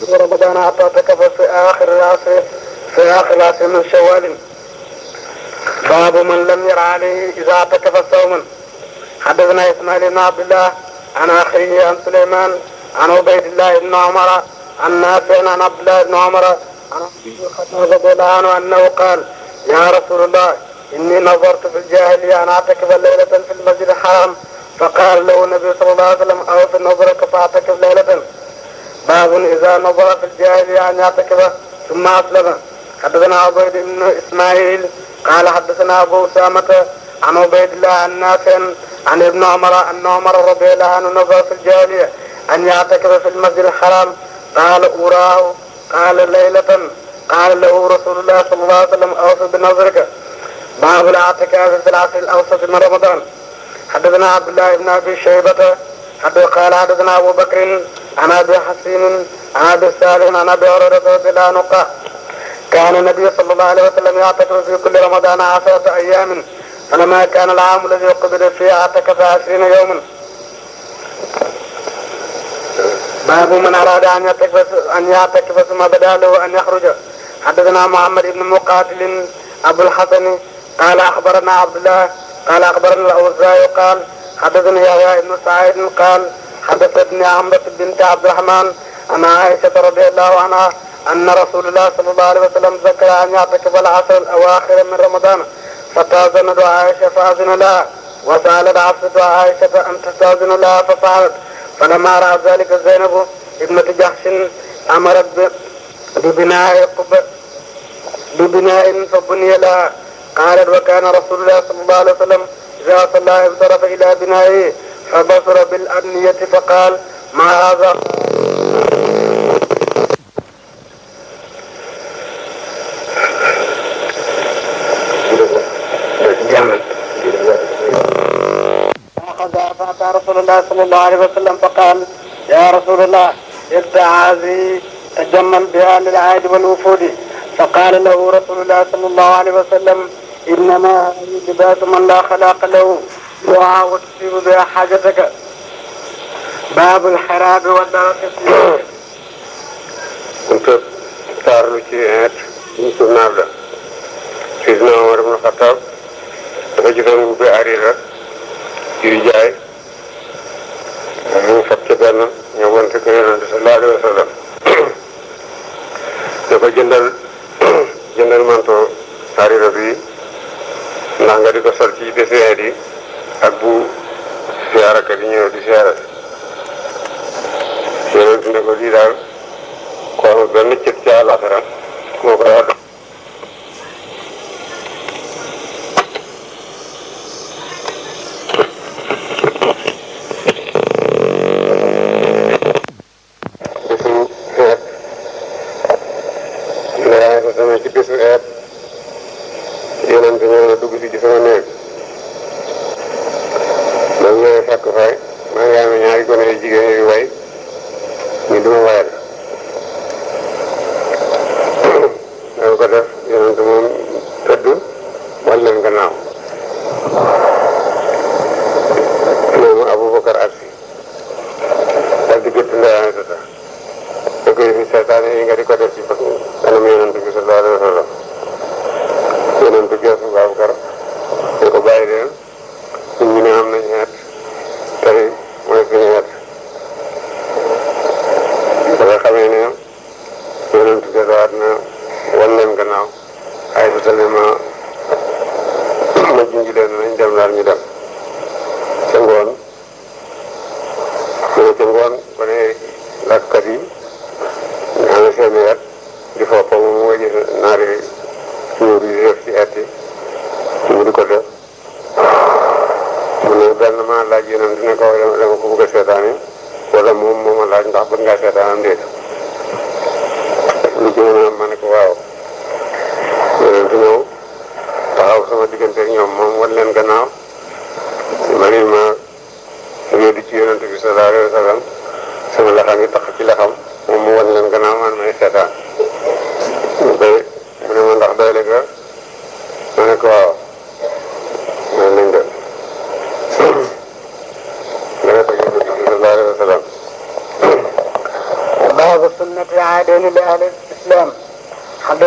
ورمضان أعطاك في آخر العصر في آخر العصر من شوال باب من لم ير عليه إذا اعتكف صوما حدثنا إسماعيل بن عبد الله عن أخيه عن سليمان عن عبيد الله بن عمر عن نافع عن عبد الله بن عمر عن رضي الله عنه أنه قال يا رسول الله إني نظرت في الجاهلية أن أعتكف ليلة في المسجد الحرام فقال له النبي صلى الله عليه وسلم أوف نظرك فأعتكف ليلة باب إذا نظر في الجاهلية أن يعتكف ثم أسلم حدثنا عبيد بن إسماعيل قال حدثنا أبو أسامة عن عبيد الله عن نافع عن ابن عمر أن عمر رضي الله عنه نظر في الجارية أن يعتكف في المسجد الحرام قال أراه قال ليلة قال له رسول الله صلى الله عليه وسلم اوصى بنظرك باب الاعتكاف في العصر الأوسط من رمضان حدثنا عبد الله بن أبي شيبة حتى قال حدثنا أبو بكر عن أبي حسين عن أبي سالم عن أبي هريرة رضي الله عنه قال كان النبي صلى الله عليه وسلم يعتكف في كل رمضان عشرة أيام فلما كان العام الذي قبل فيه اعتكف عشرين يوما باب من أراد أن يعتكف أن يعتكف ثم بدا له أن يخرج حدثنا محمد بن مقاتل أبو الحسن قال أخبرنا عبد الله قال أخبرنا الأوزاعي قال حدثني يا بن سعيد قال حدثتني عمرة بنت عبد الرحمن عن عائشة رضي الله عنها أن رسول الله صلى الله عليه وسلم ذكر أن يعتكف العصر الأواخر من رمضان فتأذن عائشة فأذن لها وسأل العصر عائشة أن تستأذن لها ففعلت فلما رأى ذلك زينب ابنة جحش أمرت ببناء ببناء فبني لها قالت وكان رسول الله صلى الله عليه وسلم إذا صلى انصرف إلى بنائه فبصر بالأبنية فقال ما هذا رسول الله صلى الله عليه وسلم فقال يا رسول الله التعازي تجمل بها للعهد والوفود فقال له رسول الله صلى الله عليه وسلم إنما لباس من لا خلاق له دعاء وتصيب بها حاجتك باب الحراب والدرك كنت تعرض في ñusu naab la sidna omar ibn xatab dafa jotoon bi moom mu fab benn ñëwante ko yonente sallallahu alayhi wa sallam da ko jëndal jëndal manto sarira bi ndax nga di ko sol ci bés weer yi ak bu siyaarakat yi ñëw di siyaara yonente ne ko lii daal ko amul benn cëb ca àllaxira moo laaj yonent ne ko dama ko bëgg a seetaani wala moom moo ma laaj ndax bëgg ngaa seetaan am déet lu ci mën a am ma ne ko waaw yonent ñëw taxaw sama diggante ak ñoom moom wan leen gannaaw ma ne ma ci yonent bi sallallahu alayhi wa sallam sama laxam ci laxam moom mu wan leen gannaaw man may seetaan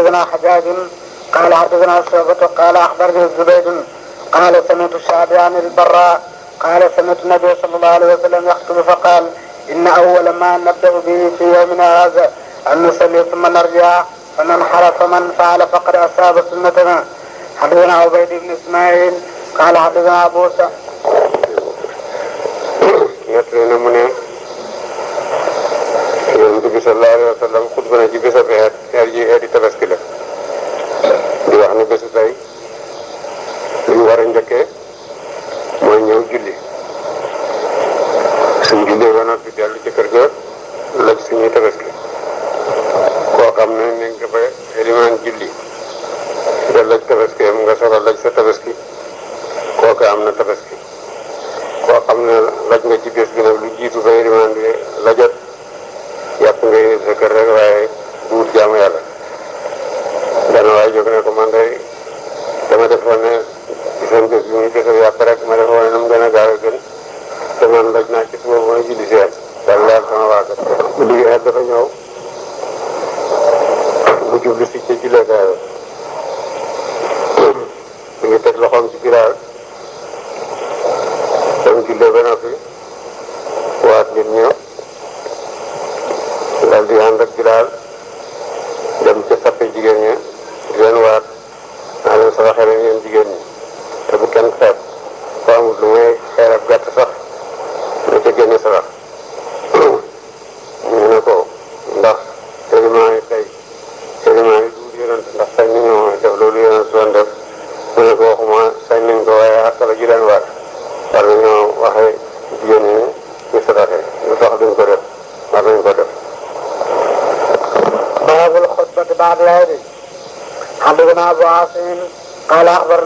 حدثنا حجاج قال حدثنا شعبة قال أخبرني الزبيد قال سمعت الشعب عن البراء قال سمعت النبي صلى الله عليه وسلم يخطب فقال إن أول ما نبدأ به في يومنا هذا أن نصلي ثم نرجع فمن حرف من فعل فقد أصاب سنتنا حدثنا عبيد بن إسماعيل قال حدثنا أبو سعد يتلون منه يوم صلى الله عليه وسلم خطبنا جبس بهذه هذه تبسكلة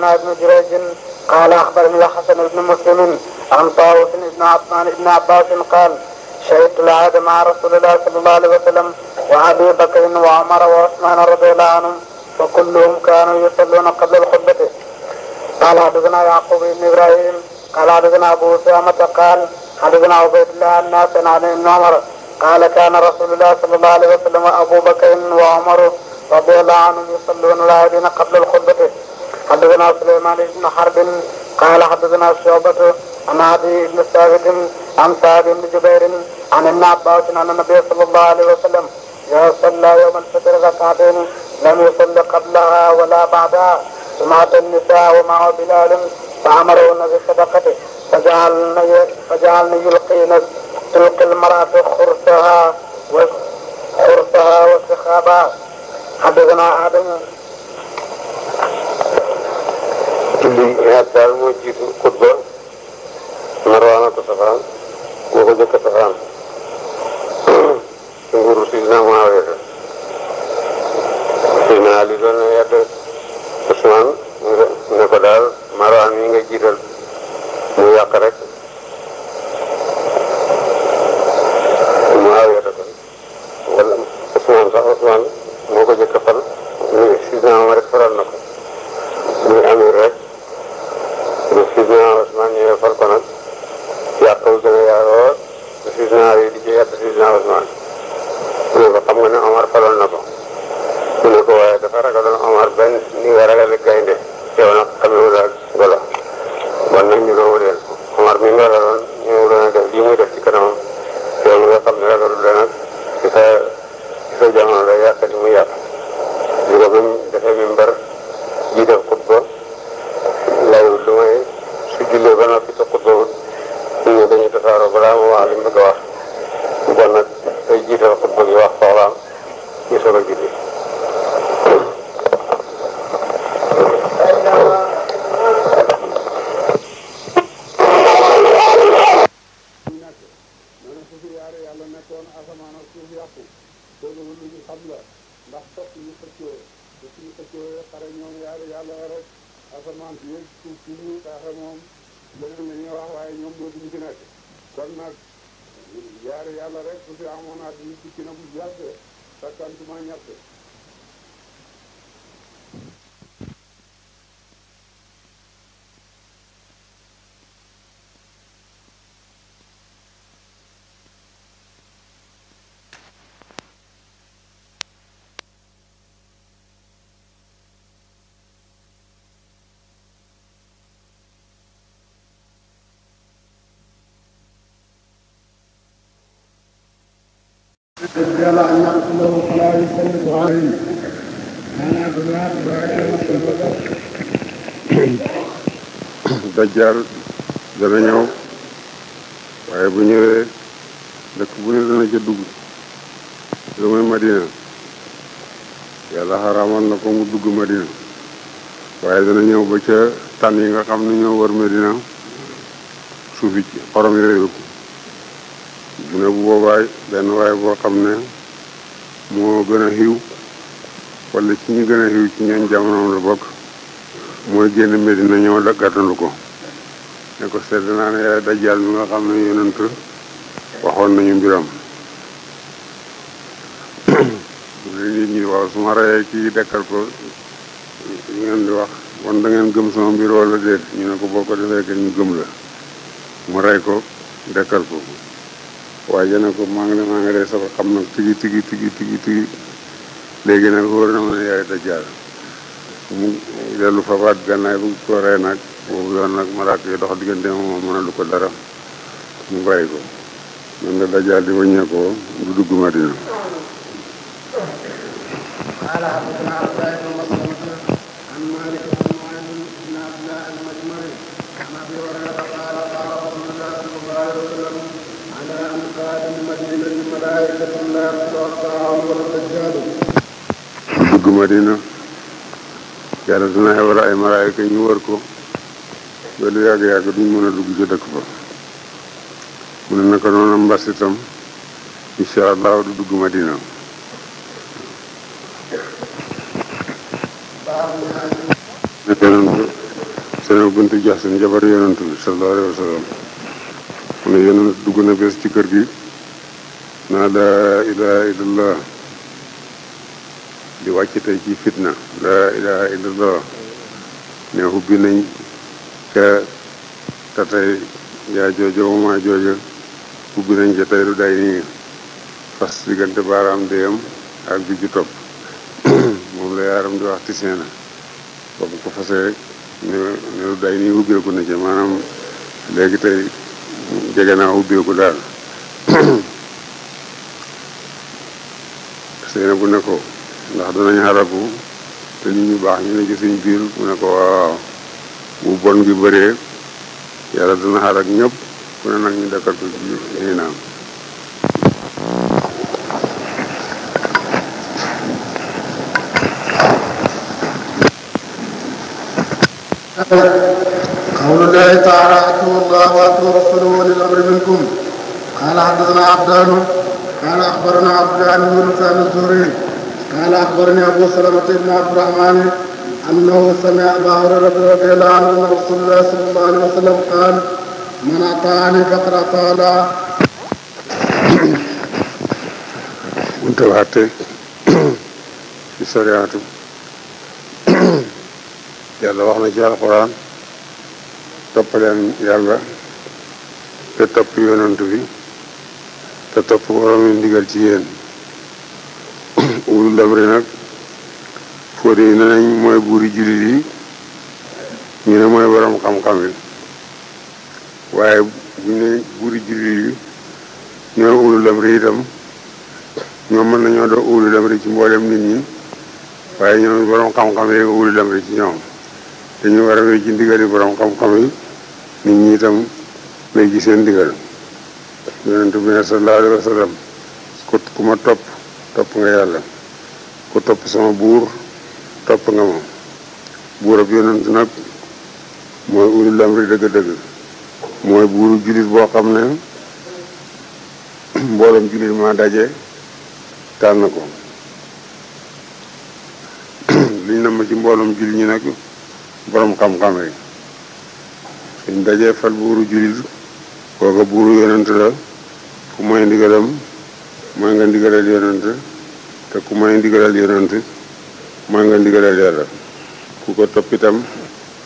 اخبرنا ابن جريج قال اخبرنا حسن بن مسلم عن طاووس بن عثمان بن عباس قال شهدت العهد مع رسول الله صلى الله عليه وسلم وابي بكر وعمر وعثمان رضي الله عنهم وكلهم كانوا يصلون قبل الخطبه قال حدثنا يعقوب بن ابراهيم قال حدثنا ابو اسامه قال حدثنا عبيد الله الناس عن ابن عمر قال كان رسول الله صلى الله عليه وسلم وابو بكر وعمر رضي الله عنهم يصلون العهدين قبل الخطبه حدثنا سليمان بن حرب قال حدثنا شعبة عن عدي بن ثابت عن سعد بن جبير عن ابن عباس عن النبي صلى الله عليه وسلم إذا صلى يوم الفطر ركعتين لم يصل قبلها ولا بعدها سمعت النساء ومعه بلال فأمرهن بصدقته فجعلن فجعلن يلقين تلقي المرأة خرسها خرسها وسخابها حدثنا آدم julli yaat daal moo jiitu xutba marwaana ko safaan moo ko jëkk a safaan ci nguuru Sidina Muawiya Sidina Ali doon na yedd Usmaan ne ko daal marwaan yi nga jiital mu yàq rek jaar dana ñëw waaye bu ñëwee dëkk bu ne dana ca dugg lu Madina yàlla xaraamal na ko mu dugg Madina waaye dana ñëw ba ca tànn yi nga xam ne ñoo war Madina suufi ci xorom yi réew bu ne bu boobaay benn waaye boo xam ne moo gën a xiw wala ci ñu gën a xiw ci ñooñ jamonoom la bokk mooy génn Madina ñëw seet naa ne yaay dajjal mi nga xam ne yonent waxoon nañu mbiram li nit ñi waaw su ma reyee kii dekkal ko li ngeen di wax kon da ngeen gëm sama mbir wala déet ñu ne ko boo ko defee ke ñu gëm la mu rey ko dekkal ko waaye jane ko maa ngi ne maa ngi dee saba xam nag tigi tigi tigi tigi tigi léegi nag wóor na ma ne yaay dajjal mu dellu fabaat gannaay bu ko rey nag boobu yoon nag malaaka yi dox diggante moom mënalu ko dara mu bàyyi ko man nga dajaal di wëññeekoo du dugg Madina dugg Madina yàlla dina xewal ay malaayika ñu wër ko ba lu yàgg-yàgg duñ mën a dugg ci dëkk ba mu ne naka noonu mbas itam incha allah du dugg Madina yonentu Seynab bint Jahsin jabar yonentu bi sallallahu alayhi wa sallam mu ne dugg na bés ci kër gi naa laa ilaha illallah di wàcc tey ci fitna laa ilaha illallah ne hubbi nañ ca te tey yaa joojo maa joojo ubbi nañ ca tey lu day nii fas diggante baaraam déyam ak bi ju topp moom la yaaram di wax tisee na boobu ko fasee ne ne lu day nii ubbeeku na ca maanaam léegi tey jege naa ubbeeku daal seena bu ne ko ndax danañ xaraku te nit ñu baax ñu ne ci biir mu ne ko waaw bu bon gi bëree yàlla dana xaar ak ñëpp ku ne nag ñu dekkal ko ci xiinaam قول الله تعالى أتوا الله وأتوا رسوله وأولي الأمر منكم قال حدثنا عبدان قال أخبرنا عبد الله بن موسى الزهري قال أخبرني أبو سلمة بن عبد الرحمن أنه سمع بعض هريرة رضي الله عنه أن رسول الله صلى الله عليه وسلم قال من أطاعني فقد أطاع انتبهت في سريعة يلا وحنا جاء القرآن تبلن يلا te topp yonent bi te topp borom yi ndigal ci yéen ulul amri nag fóode yi nenañ mooy buuri jullit yi ñu ne moy borom xam-xam wi waye bu ne buuri jullit yi ñoo ulu lam ri itam ñoom mën nañoo doon ulu lam ci mboolem nit ñi waaye ñoom borom xam-xam yi ulu lam ci ñoom dañu war a ci ndigali borom xam-xam yi nit ñi itam seen bi sallallahu ma nga sama bour top nga moom buurab yonent nak moy uru lamri deug deug moy buru julit bo xamne mbolam julit ma daje tan ko li na ma ci mbolam julit ñi nak borom xam-xam rek suñ dajee fal buru julit ga buru yonent la ku mooy ndigalam mooy nga ndigalal yonent te ku ndigalal yonent mooy nga ndigalal yàlla ku ko topp itam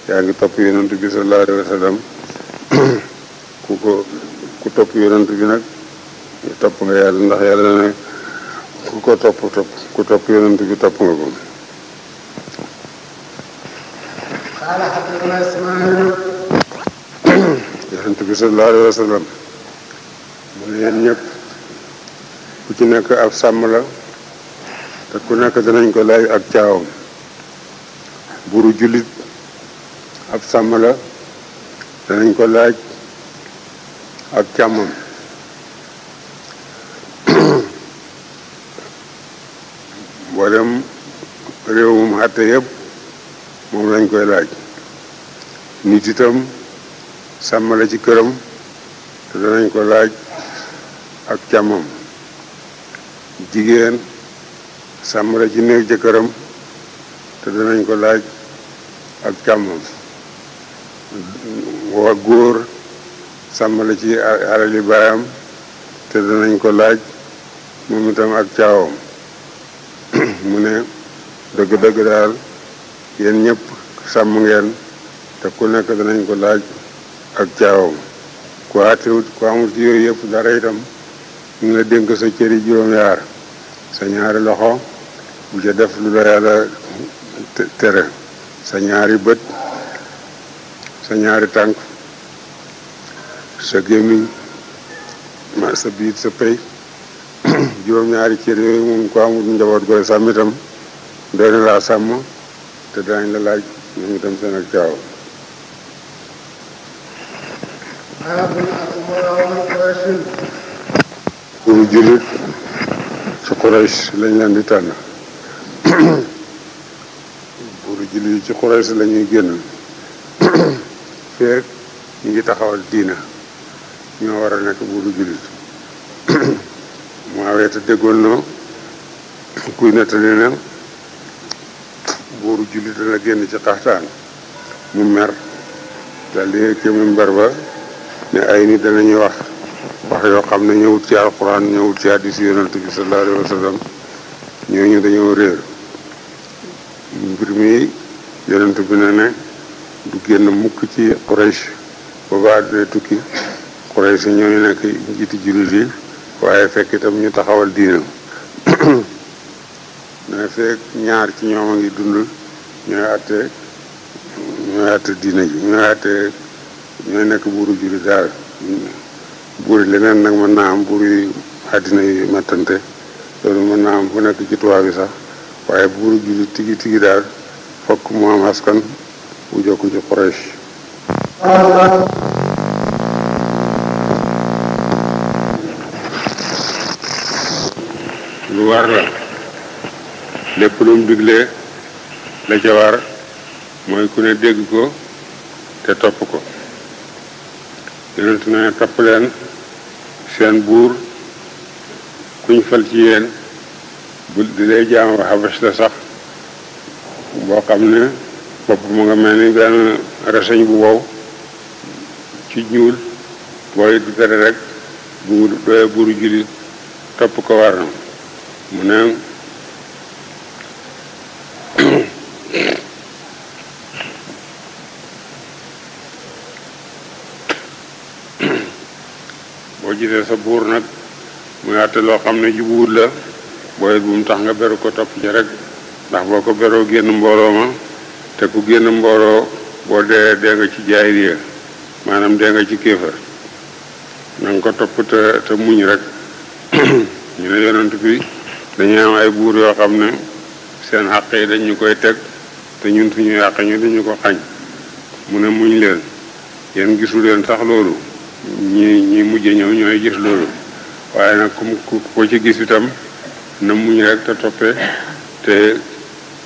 yaa ngi topp yonent bi sallallahu alayhi wa sallam ku ko ku topp yonent bi nag topp nga yàlla ndax yàlla ne ku ko topp topp ku topp yonent bi topp nga ko yonent bi sallallahu alayhi wa sallam mu ne yéen ñëpp ku ci nekk ab sàmm la te ku nekk danañ ko lay ak caawam buru jullit ab sàmm la danañ ko laaj ak càmmam mboolem réewum xatte yëpp moom lañ koy laaj nit itam sàmmala ci këram danañ ko laaj ak càmmam jigéen sàmm la ci néeg jëkkëram te nañ ko laaj ak càmmam waa góor sàmm la ci alali baayam te nañ ko laaj moom itam ak caawam mu ne dëgg-dëgg daal yéen ñëpp sàmm ngeen te ku nekk danañ ko laaj ak caawam ku àttewut ku amul ci yooyu yëpp dara itam ñu la dénk sa cëri juróom-yaar sa ñaari loxo bu ca def lu la yàlla tere sa ñaari bët sa ñaari tànk sa gémmiñ ma sa biit sa pay juróom-ñaari cër yooyu moom ko amul njaboot koy sàmm itam doy na laa sàmm te daañ la laaj ñoom itam seen ak caaw lañ leen di lii ci Quraysh lañuy génn feek ñu ngi taxawal diina ñoo war a nekk bu du jullit Muawiya te déggoon na kuy nettali ne buuru jullit dana génn ci xaxtaan mu mer dal di yëkkee mimbar ba ne ay nit danañuy wax wax yoo xam ne ñëwut ci alquran ñëwut ci hadis yonent bi sallallahu alayhi wa sallam ñooñu dañoo réer mbir mi yonent bi na ne du génn mukk ci Quraysh ba ba àdduna tukki Quraysh ñooñu nekk njiiti jullit yi waaye fekk itam ñu taxawal diina ne fekk ñaar ci ñoom a ngi dund ñooy àtte ñooy àtte diina ji ñooy àtte ñooy nekk buuru jullit daal buuri leneen nag mën naa am buur yu àddina yi mattante loolu mën naa am bu nekk ci tubaab bi sax waaye buuru jullit tigi tigi daal fokk mu am askan bu jokku ci Quraysh lu war la lépp lu mu la ca mooy ku ne dégg ko te topp ko yonent na topp leen seen buur kuñ fal ci yéen bu di lay jaam wa xabas la sax bo xamne ne mu nga melni ni benn reseñ bu wow ci ñuul booy du tere rek bu do doyee buuru julit topp ko war na mu ne bo gisee sa buur nag muy àtte loo xam ne jubuwut la booyet bu mu tax nga beru ko top ci rek ndax boo ko beroo génn mbooloo ma te ku génn mbooloo boo dee dee nga ci jaahiliya maanaam dee nga ci kéefar na nga ko topp te te muñ rek ñu ne yonent bi dañuy am ay buur yoo xam ne seen xàq yi dañu koy teg te ñun suñu yàq ñu dañu ko xañ mu ne muñ leen yéen gisu leen sax loolu ñi ñi mujj ñëw ñooy gis loolu waaye nag ku ko ci gis itam na muñ rek te toppee te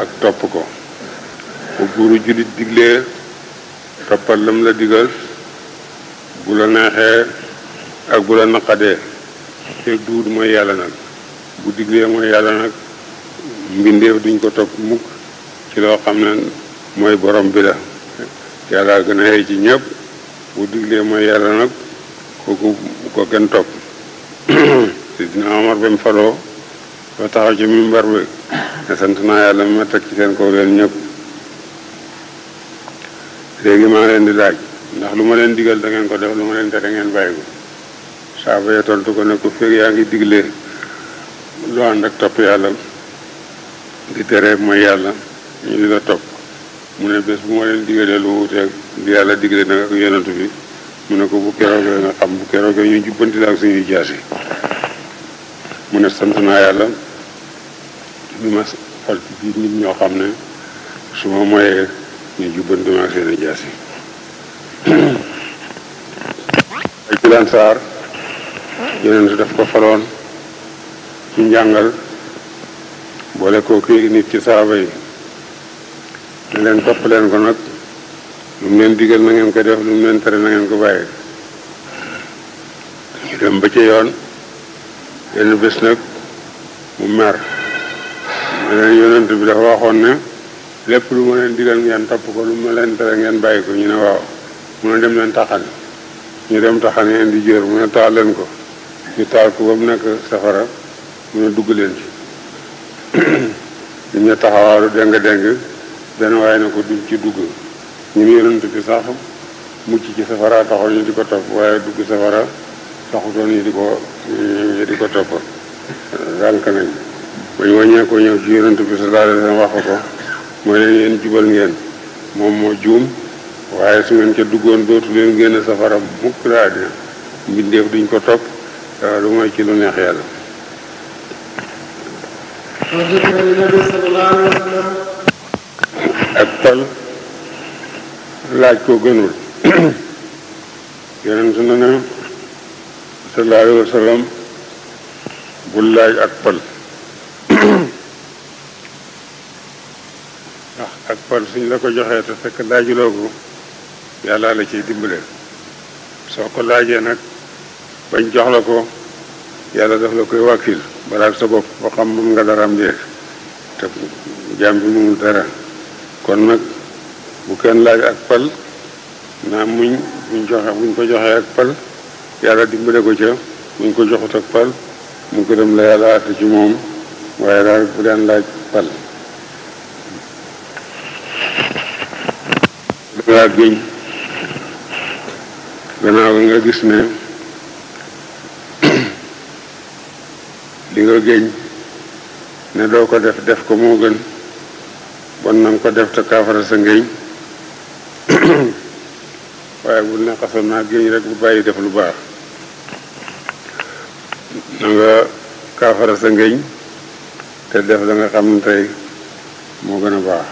ak topp ko bu buuru jullit diglee toppal lam la digal bu la neexee ak bu la naqadee te duud mooy yàlla nag bu diglee mooy yàlla nag mbindeef duñ ko topp mukk ci loo xam ne mooy borom bi la yàlla gën a xëy ci ñëpp bu diglee mooy yàlla nag kooku ko gën topp Sidina Omar ba mu faloo soo taxaw ci mimbar bi ne sant naa yàlla mi ma teg ci seen kaw leen ñëpp léegi maa leen di laaj ndax lu ma leen digal da ngeen ko def lu ma leen tere ngeen bàyyi ko saaba ya tontu ko ne ku yaa ngi digle lu ànd ak topp yàlla di tere mooy yàlla ñu di la topp mu ne bés bu ma leen digalee lu wuuteeg yàlla digle nag ak yonent bi mu ne ko bu keroogee nga xam bu keroogee ñu jubbanti la ak suñuy jaas yi mu ne sant naa yàlla du ma fal ci biir nit ñoo xam ne su ma moyee ñu jubbantuma seen jaasi ay bilan saar yeneen daf ko faloon ci njàngal boole ko kii nit ci saaba yi ne leen topp leen ko nag lu mu digal na ngeen ko def lu mu tere na ngeen ko bàyyi ñu dem ba ca yoon yenn bés nag mu mer yonent bi dafa waxoon ne lépp lu ma leen digal ngeen topp ko lu ma leen tere ngeen bàyyi ko ñu ne waaw mu ne dem leen taxani ñu dem taxani indi jër mu ne taal leen ko ñu taal ko ba mu nekk safara mu ne dugg leen ci ñu taxawaaru déng déng benn waaye ne ko duñ ci dugg ñu ne yonent bi sax mucc ci safara taxoon ñu di ko topp waaye dugg safara taxutoon ñu di ko ñu di ko topp rànk nañ bañ wàññeekoo ñëw ci yonent bi sallallahu alayhi wa wax ko mooy leen jubal ngeen moom moo juum waaye su ngeen ca duggoon dootu leen génn safara mukk laa dina mbindeef duñ ko topp lu mooy ci lu neex yàlla ak pal laaj ko gënul yonent na ne sallallahu alayhi wa sallam bul laaj ak pal ndax ah, ak pal suñ la ko joxee te fekk laajuloo ko yàlla la ciy dimbale soo ko laajee nag bañ jox la ko yàlla daf la koy wàkkil balaa sa bopp ba xam mun nga dara am déet te jaam bi mumul dara kon nag bu kenn laaj ak pal naa muñ buñ joxe buñ ko joxee ak pal yàlla dimbale ko ca buñ ko joxut ak pal mu gërëm la yàlla àtte ci moom waaye daal bu daan laaj pal dangaa giñ gannaaw nga gis ne li géñ ne doo ko def def ko moo gën bon na ko def te kaafara sa ngéñ waaye bu ne xasoon naa géñ rek bu bàyyi def lu baax na nga sa ngéñ te def la nga xam ne tey moo gën a baax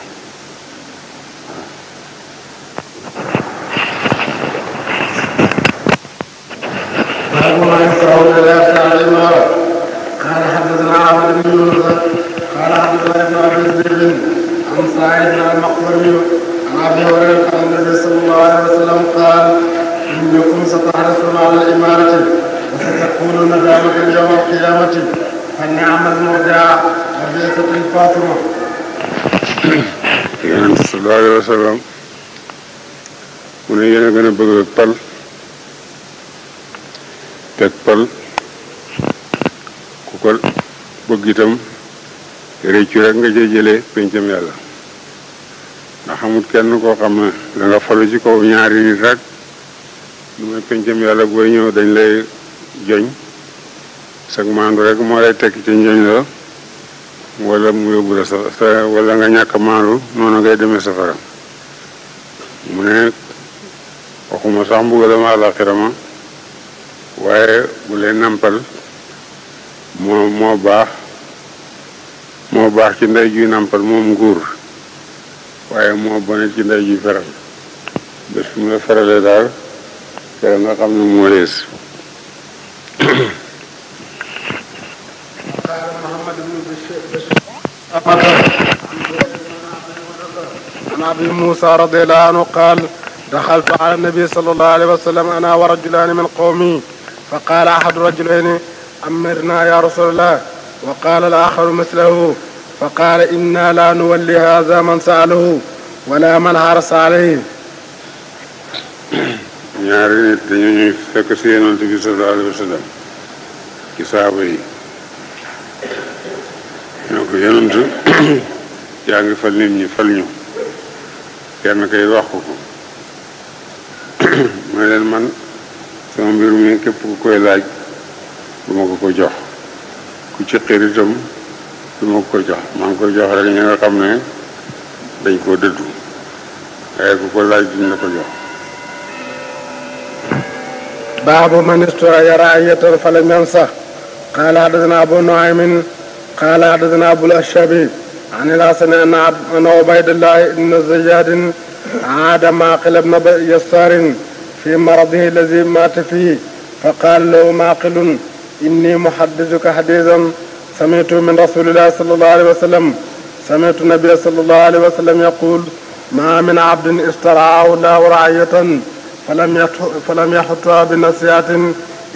itam réccu rek nga jëjëlé pencëm yalla na xamut kenn ko xam ne nga falu ci ko ñaari nit rek lu may pencëm yalla booy ñëw dañ lay joñ sax maandu rek mo lay tek ci ñëñ la wala mu yobu la sa wala nga ñàkk maandu noonu ngay demee safara mu ne waxuma sax mbugalam àlaxira ma waaye bu lay nampal moo moo baax moo baax ci ndey juy nampal moom nguur waaye moo bone ci ndey juy feral bés bu la feralee daal feral nga xam ne moo lees عن ابي موسى رضي الله عنه قال دخلت على النبي صلى الله عليه وسلم انا ورجلان من قومي فقال احد الرجلين امرنا يا رسول الله وقال الاخر مثله فقال إنا لا نولي هذا من سأله ولا من حرص عليه ñaari nit dañu ñuy fekk si yonent bi sallallahu alayhi wa sallam ci saaba yi ñoo ko yonent yaa ngi fal nit ñi fal ñu kenn kay wax ko ma leen man sama mbir mi képp ku koy laaj bu ma ko ko jox ku ci xiritam du ma ko jox maa ngi koy jox rek ñi nga xam ne dañ koo dëddu waaye ku ko laaj duñ la ko jox baabu man istagara an yatar falam yansa qaala xaddatana abu nuaymin qaala xaddatana abul ashabi an ilasani ana ubaydillahi ibn ziyadin aada maaqil ibna yasarin fi maradihi allazi maata fihi fa qaala lahu maaqilun inni muhaddisuka xadiisan سمعت من رسول الله صلى الله عليه وسلم سمعت النبي صلى الله عليه وسلم يقول ما من عبد اشترى الله رعية فلم فلم يحطها بنصيحة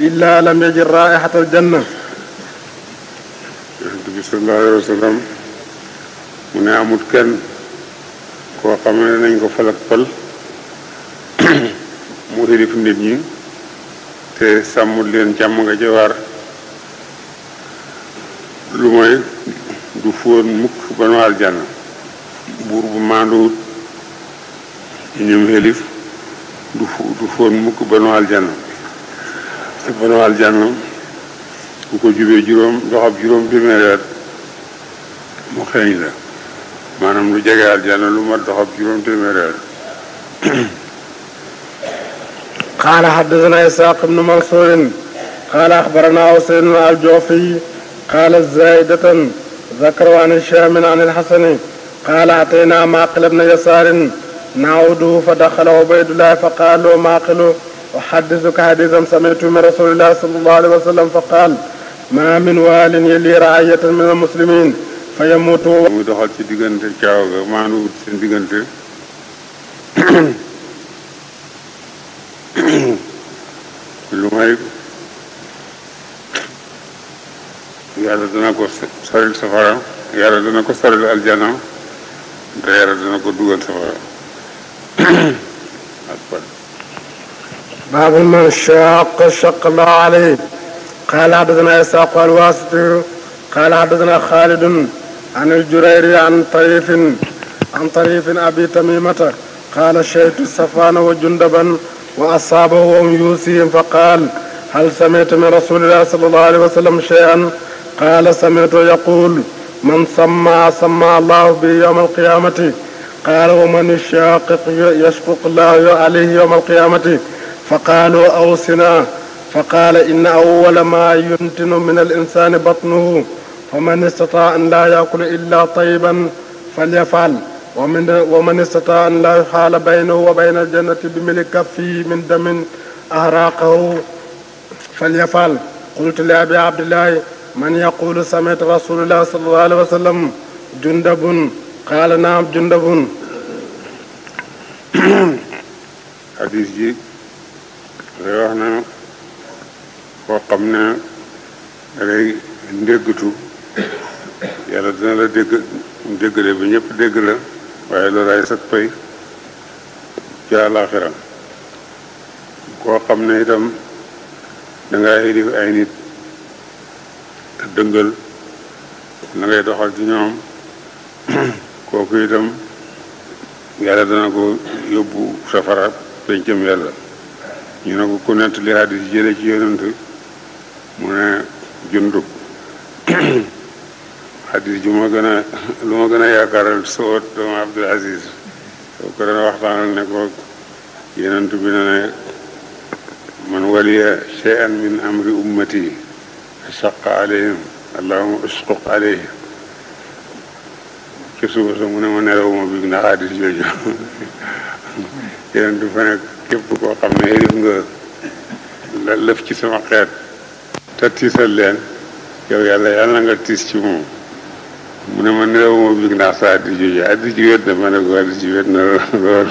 إلا لم يجد رائحة الجنة. النبي صلى الله عليه وسلم من ne كان وقامنا koo xam ne nañ ko falak fal mu xilif nit jublu mooy du fóon mukk ba nu aljana buur bu maanduwut ñum xelif du du mukk ba nu aljana ba nu aljana bu ko jubee juróom doxab juróom téeméeri mu xeeñ la maanaam lu jege aljana lu mat doxab juróom téeméeri at qaala xaddasanaa isaaq ibnu mansuurin qaala axbaranaa usayn al-jufi قال زائدة ذكروا عن الشام عن الحسن قال أعطينا ماقل بن يسار نعوده فدخل عبيد الله فقال له ماقل أحدثك حديثا سمعته من رسول الله صلى الله عليه وسلم فقال ما من وال يلي رعية من المسلمين فيموت mu yàlla dana ko soril safara yàlla dana ko soril aljana te yàlla dana ko dugal safara باب من شاق شق الله عليه قال حدثنا إسحاق الواسط قال حدثنا خالد عن الجرير عن طريف عن طريف أبي تميمة قال شيت السفان وجندبا وأصابه وهم يوسيهم فقال هل سمعت من رسول الله صلى الله عليه وسلم شيئا قال سمعت يقول من سمى سمى الله به يوم القيامة قال ومن يشاقق يشقق الله عليه يوم القيامة فقالوا أوصنا فقال إن أول ما ينتن من الإنسان بطنه فمن استطاع أن لا يأكل إلا طيبا فليفعل ومن, ومن استطاع أن لا يحال بينه وبين الجنة بملك كفه من دم أهراقه فليفعل قلت لأبي عبد الله man yaqulu sami'tu rasulullah sallallahu alayhi wa sallam jundabun qaala naam jundabun xadis ji day wax na koo xam ne da ngay ndéggatu yàlla dina la dégg déggale bi ñëpp dégg la waaye loolu ay sag pay ci àllaaxira koo xam ne itam dangay di ay nit ڈیم کو نہ کو یہ پو سفر پینکم ویلا جنا کی جنٹ ہمکن پہننے من والے shaq alayhim allahuma usquq alayhim ci suba sa mu ne ma nerewuma bi na xaadis jooju yeneen du fa nekk képp koo xam ne yëlif nga la lëf ci sama xeet te tiisal leen yow yàlla yàlla nga tiis ci moom mu ne ma nerewuma bi naa sa addis jooju addis ji wet na ma ne ko ji wet na lool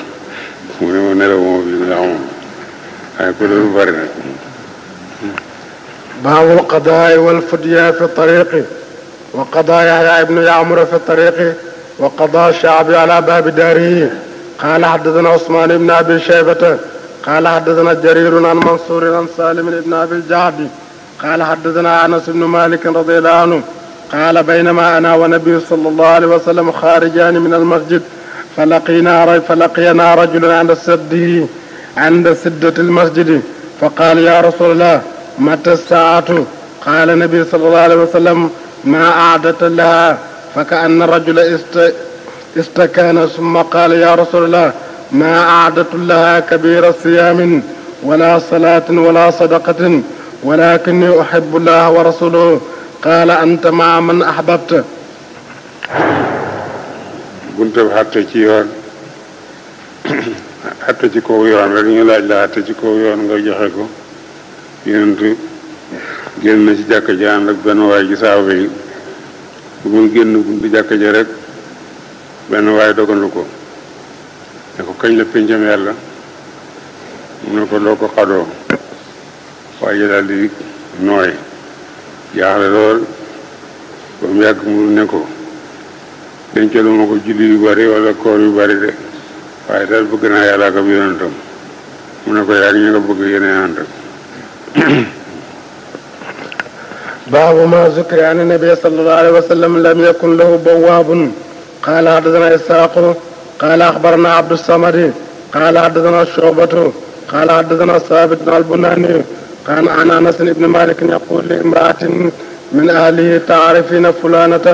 mu ne ma nerewuma bi naa moom waaye ko loolu bari nag باب القضاء والفدية في الطريق وقضى يحيى ابن يعمر في الطريق وقضى الشعبي على باب داره قال حدثنا عثمان بن ابي شيبه قال حدثنا جرير عن منصور عن سالم بن ابي الجعد قال حدثنا انس بن مالك رضي الله عنه قال بينما انا والنبي صلى الله عليه وسلم خارجان من المسجد فلقينا فلقينا رجل عند السد عند سدة المسجد فقال يا رسول الله متى الساعة قال النبي صلى الله عليه وسلم ما أعدت لها فكأن الرجل است استكان ثم قال يا رسول الله ما أعدت لها كبير صيام ولا صلاة ولا صدقة ولكني أحب الله ورسوله قال أنت مع من أحببت قلت حتى ci حتى xatte ci kaw حتى rek ñu laaj la xatte ci kaw yonent génn na ci jàkka ja ànd benn waay ji saaba yi bu génn buntu jàkka ja rek benn waay dogandu ko ne ko kañ la péncam yàlla mu ne ko loo ko xadoo waay ji daal di nooy jaaxle lool ba mu yàgg mu ne ko dencalu ma ko julli yu bari wala koor yu bari de waaye daal bëgg naa yàlla ak ab yonentam mu ko yaa ngi ñu nga bëgg yéene ànd باب ما ذكر عن النبي صلى الله عليه وسلم لم يكن له بواب قال حدثنا إسحاق قال أخبرنا عبد الصمد قال حدثنا الشعبة قال حدثنا ثابت البناني كان عن أنس بن مالك يقول لامرأة من أهله تعرفين فلانة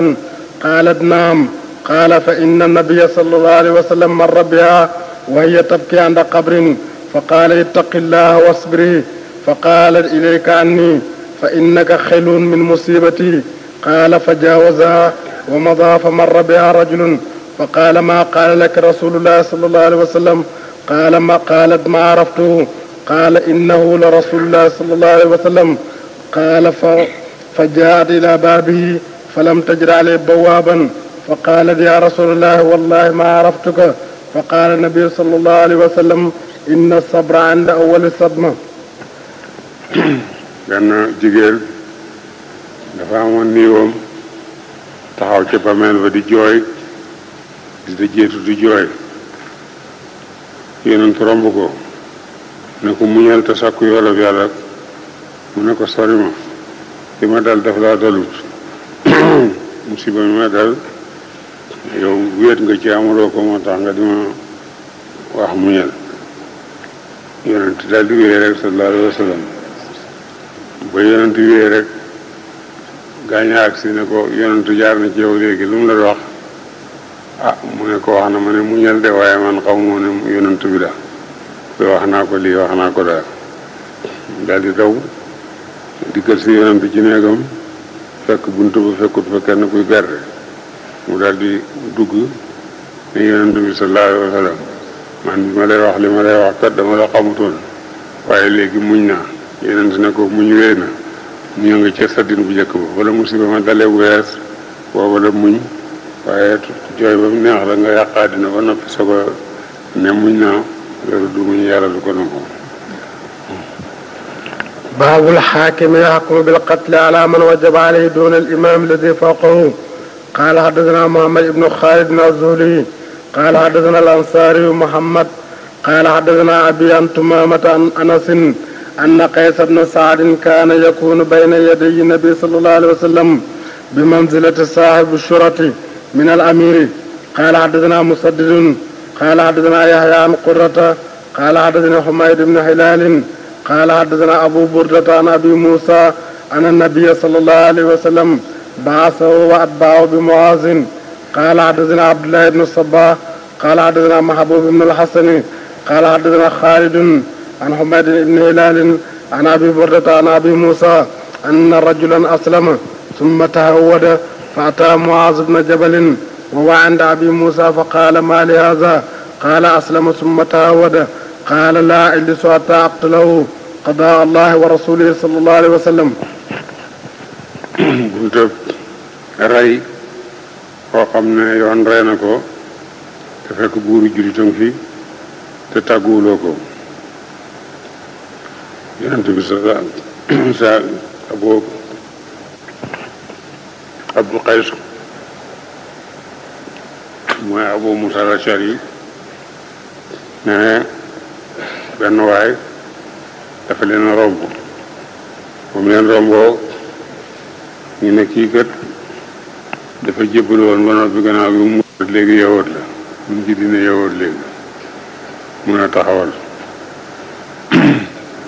قالت نعم قال فإن النبي صلى الله عليه وسلم مر بها وهي تبكي عند قبر فقال اتق الله واصبري فقالت إليك عني فإنك خل من مصيبتي قال فجاوزها ومضى فمر بها رجل فقال ما قال لك رسول الله صلى الله عليه وسلم قال ما قالت ما عرفته قال إنه لرسول الله صلى الله عليه وسلم قال فجاءت إلى بابه فلم تجر عليه بوابا فقالت يا رسول الله والله ما عرفتك فقال النبي صلى الله عليه وسلم إن الصبر عند أول الصدمة benn jigéen dafa amoon niiwoom taxaw ca bameel ba di jooy di da di jooy yonent romb ko ne ko muñal te sàkku yoolab yàlla mu ne ko sori ma li ma dal daf laa dalut musiba mi ma dal yow wéet nga ci amuloo ko moo tax nga di ma wax muñal yonent daal di wéy rek sallallahu alayhi ba yonentu yooyu rek gaañ agsi ne ko yonentu jaar na ci yow léegi lu mu la wax ah mu ne ko wax na ma ne muñal de waaye man xaw moo ne yonentu bi la te wax naa ko lii wax naa ko daal daw di daw dikkal si yonentu ci néegam fekk buntu ba fekkut fa kenn kuy garde mu daal dugg ne yonentu bi sallallahu alayhi wa man bi ma lay wax li ma lay wax kat dama la xamutoon waaye léegi muñ naa yeneen ne ko muñ wee na ñoo ngi ca saddin bu njëkk ba wala musiba ma dale wees booba la muñ waaye jooy ba mu neex la nga yàqaa dina ba noppi soog a ne muñ naa loolu du muñ yàlla du ko nangu باب الحاكم يحكم بالقتل على من وجب عليه دون الإمام الذي فوقه قال حدثنا محمد بن خالد بن الزهري قال حدثنا الأنصاري محمد قال حدثنا أبي عن تمامة عن أنس أن قيس بن سعد كان يكون بين يدي النبي صلى الله عليه وسلم بمنزلة صاحب الشرة من الأمير قال حدثنا مسدد قال حدثنا يحيى عن قرة قال حدثنا حميد بن هلال قال حدثنا أبو بردة عن أبي موسى أن النبي صلى الله عليه وسلم بعثه وأتباعه بمعاذ قال حدثنا عبد الله بن الصباح قال حدثنا محبوب بن الحسن قال حدثنا خالد عن حميد بن هلال عن أبي بردة عن أبي موسى أن رجلا أسلم ثم تهود فأتى معاذ بن جبل وهو عند أبي موسى فقال ما لهذا قال أسلم ثم تهود قال لا أجلس حتى أقتله قضاء الله ورسوله صلى الله عليه وسلم buntëb وقمنا koo xam ne yoon rey na ko يعني انت قصدان انسان ابوك ابو قيس مو ابو موسى الرشاري نعم بان واحد تفلين رمو ومن رمو ينا كيكت دفا جبل وان وانا بقنا ابو موسى ليك يهور من جدين يهور ليك من تحول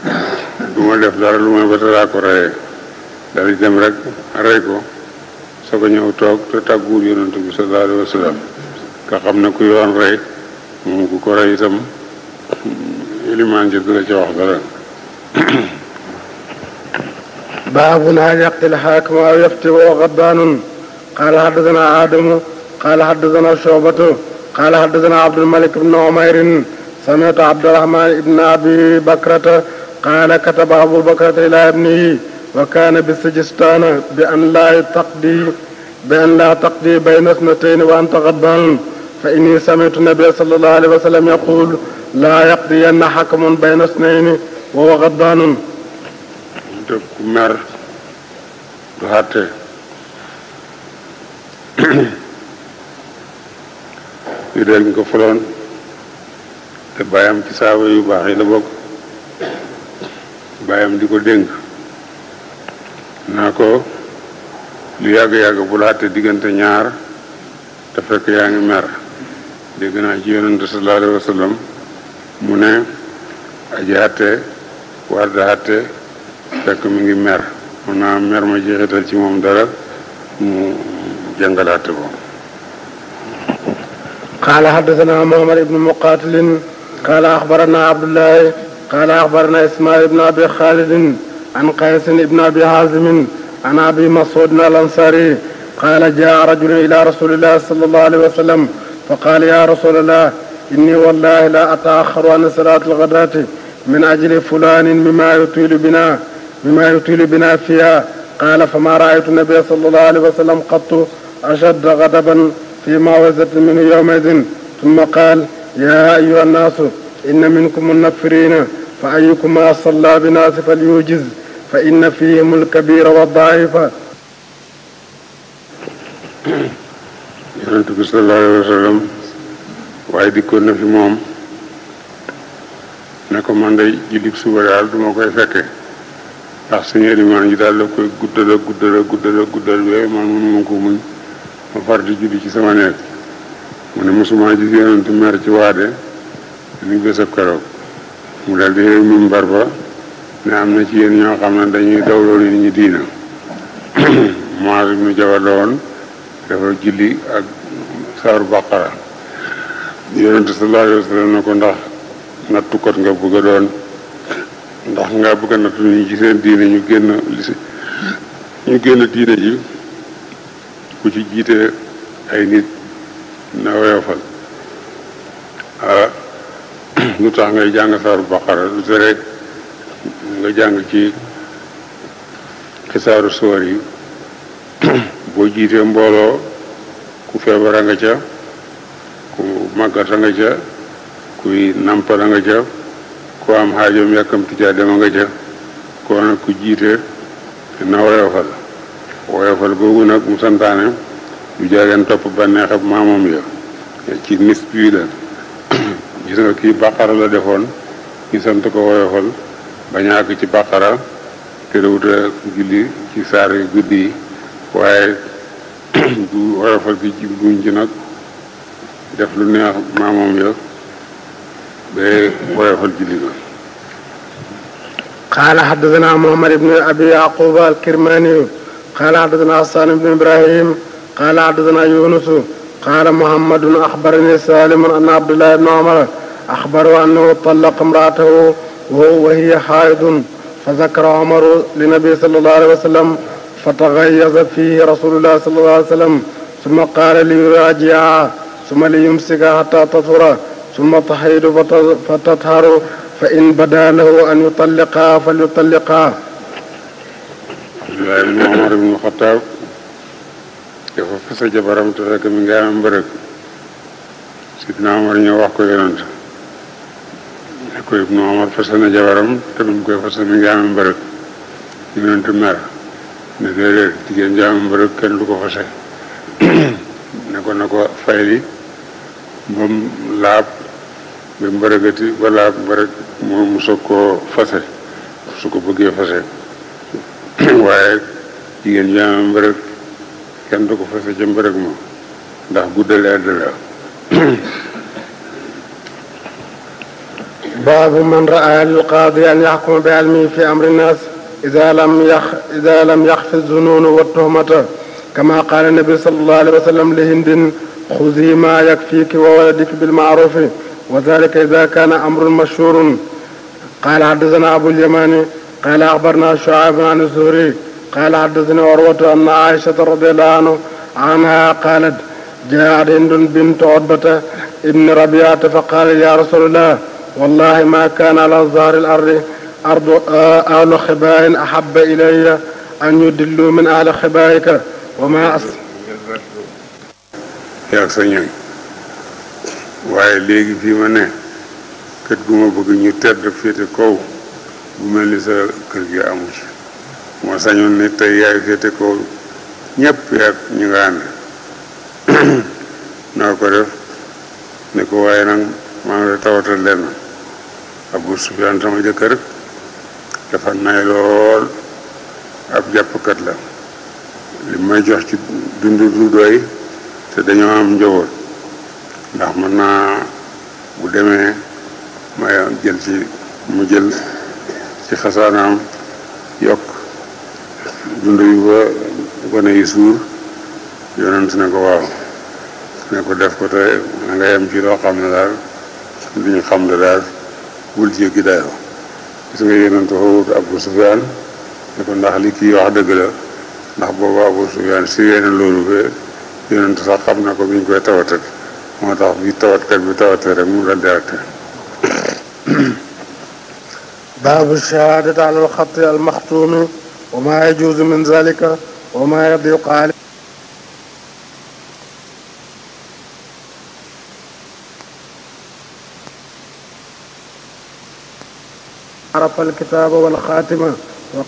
Yeah. du ma def dara lu may ba daraa dem rek rey soo ko ñëw toog te tàgguwul yonent bi sallallahu alayhi xam ne ku yoon rey moom ku ko rey itam ilimaan ji dina ci wax dara baabun yaqtil haakim aw yafti wa ghadbaanun qaala haddasanaa aadamu qaala haddasanaa shu'batu qaala haddasanaa abdulmalik ibn umayrin sami'tu abdurahmaan ibn abi bakrata قال كتب أبو بكر إلى ابنه وكان بالسجستان بأن لا تقضي بأن لا تقضي بين اثنتين وأنت غضبان فإني سمعت النبي صلى الله عليه وسلم يقول لا أن حكم بين اثنين وهو غضبان مر دوحته ñu dañ ko foloon te bàyyam bàyyam di ko dénk naa ko lu yàgg-yàgg bu la diggante ñaar te fekk yaa ngi mer dégg naa ci yonente sallallahu alayhi mu ne aji àtte war da àtte fekk mi ngi mer mun naa mer ma jeexital ci moom dara mu jàngal àtte boobu qaala xaddasanaa Muhammad ibnu Muqaatilin qaala axbaranaa Abdullahi قال أخبرنا إسماعيل بن أبي خالد عن قيس بن أبي حازم عن أبي مسعود الأنصاري قال جاء رجل إلى رسول الله صلى الله عليه وسلم فقال يا رسول الله إني والله لا أتأخر عن صلاة الغداة من أجل فلان مما يطيل بنا مما يطيل بنا فيها قال فما رأيت النبي صلى الله عليه وسلم قط أشد غضبا في معوزة منه يومئذ ثم قال يا أيها الناس إن منكم النفرين فأيكما صلى بناس فليوجز فإن فيهم الكبير والضعيف يرنتك صلى الله عليه وسلم وعيدي كنا في موم نكو من دي جلق سوبر عرض موكي فكي تحسيني ريوان جدال لكو قدر قدر قدر قدر بي ما نمو من مفرد جلق سوانيك من مسلمان جزيان انتو مرتواده ni bésab keroog mu dal di réew mbar ba ne am na ci yéen ñoo xam ne dañuy dawloo nit ñi diina Muaz ibnu Jabal la woon dafa julli ak saaru baqara yonente sallallahu alayhi wa ko ndax nattukat nga bëgg doon ndax nga bëgg a nattu nit ñi ci seen diine ñu génn lisi ñu génn diine ji ku ci jiite ay nit na woyofal ah, nu tax ngay jàng saaru baqara lu te rek nga jàng ci saaru soor yi boo jiitee mbooloo ku feebar a nga ca ku màggat a nga ca kuy nampal nga ca ku am xaajoom yàkkamti ca dem nga ca koo nag ku jiite na woyofal woyofal googu nag mu santaane lu jaageen topp bànneexab maamam ya ci nis bii la gis nga kii bàqara la defoon ñu sant ko woyofal bañ a ci bàqara te dawuta julli ci saar yu guddi waaye woyofal gi ci def lu neex maamoom ya ba woyofal julli ga qaala xaddatanaa muhammad ibnu abi yaquba alkirmaaniyu qaala xaddatanaa hassan ibnu ibrahim qaala xaddatanaa yunusu قال محمد أخبرني سالم أن عبد الله بن عمر أخبره أنه طلق امرأته وهو وهي حائض فذكر عمر للنبي صلى الله عليه وسلم فتغيظ فيه رسول الله صلى الله عليه وسلم ثم قال ليراجعها ثم ليمسك حتى تطهر ثم تحيد فتطهر فإن بدا له أن يطلقها فليطلقها. عبد الله عمر بن الخطاب جس میں گھر بریک kenn باب من رأى للقاضي أن يحكم بعلمه في أمر الناس إذا لم يخ إذا لم يخف الظنون والتهمة كما قال النبي صلى الله عليه وسلم لهند خذي ما يكفيك وولدك بالمعروف وذلك إذا كان أمر مشهور قال حدثنا أبو اليماني قال أخبرنا شعيب عن الزهري قال حدثني عروة أن عائشة رضي الله عنه عنها قالت جاء هند بنت عتبة ابن ربيعة فقال يا رسول الله والله ما كان على ظهر الأرض أرض آه، أهل خباء أحب إلي أن يدلوا من أهل خبائك وما أصل يا sa ñooñ waaye léegi fii ma ne kër gu ma bëgg ñu tedd féete kaw bu mel ni sa kër gi amu moo sañu ni tey yaay féete ko ñëpp yaag ñu nga ànd noo ko def ne ko waaye nag maa ngi tawatal lenn Abu Sufyaan sama jëkkër dafa nay lool ab jàppkat la li may jox ci dund du doy te dañoo am njaboot ndax mën naa bu demee may jël ci mu jël ci xasaanaam dund yu ko gone yi suur yonent ne ko waaw ne ko def ko te na nga yem ci loo xam ne daal duñu xam ne daal bul jéggi dayoo gis nga yonent xowut Abu Sufyaan ne ko ndax li kii wax dëgg la ndax boobu Abu Sufyaan siwee na loolu ba yonent sax xam na ko biñ koy tawatat moo tax bi tawatkat bi tawatee rek mu la derte baabu shahaadati alal xatti al maxtuumi وما يجوز من ذلك وما يبدو قال عرف الكتاب والخاتمة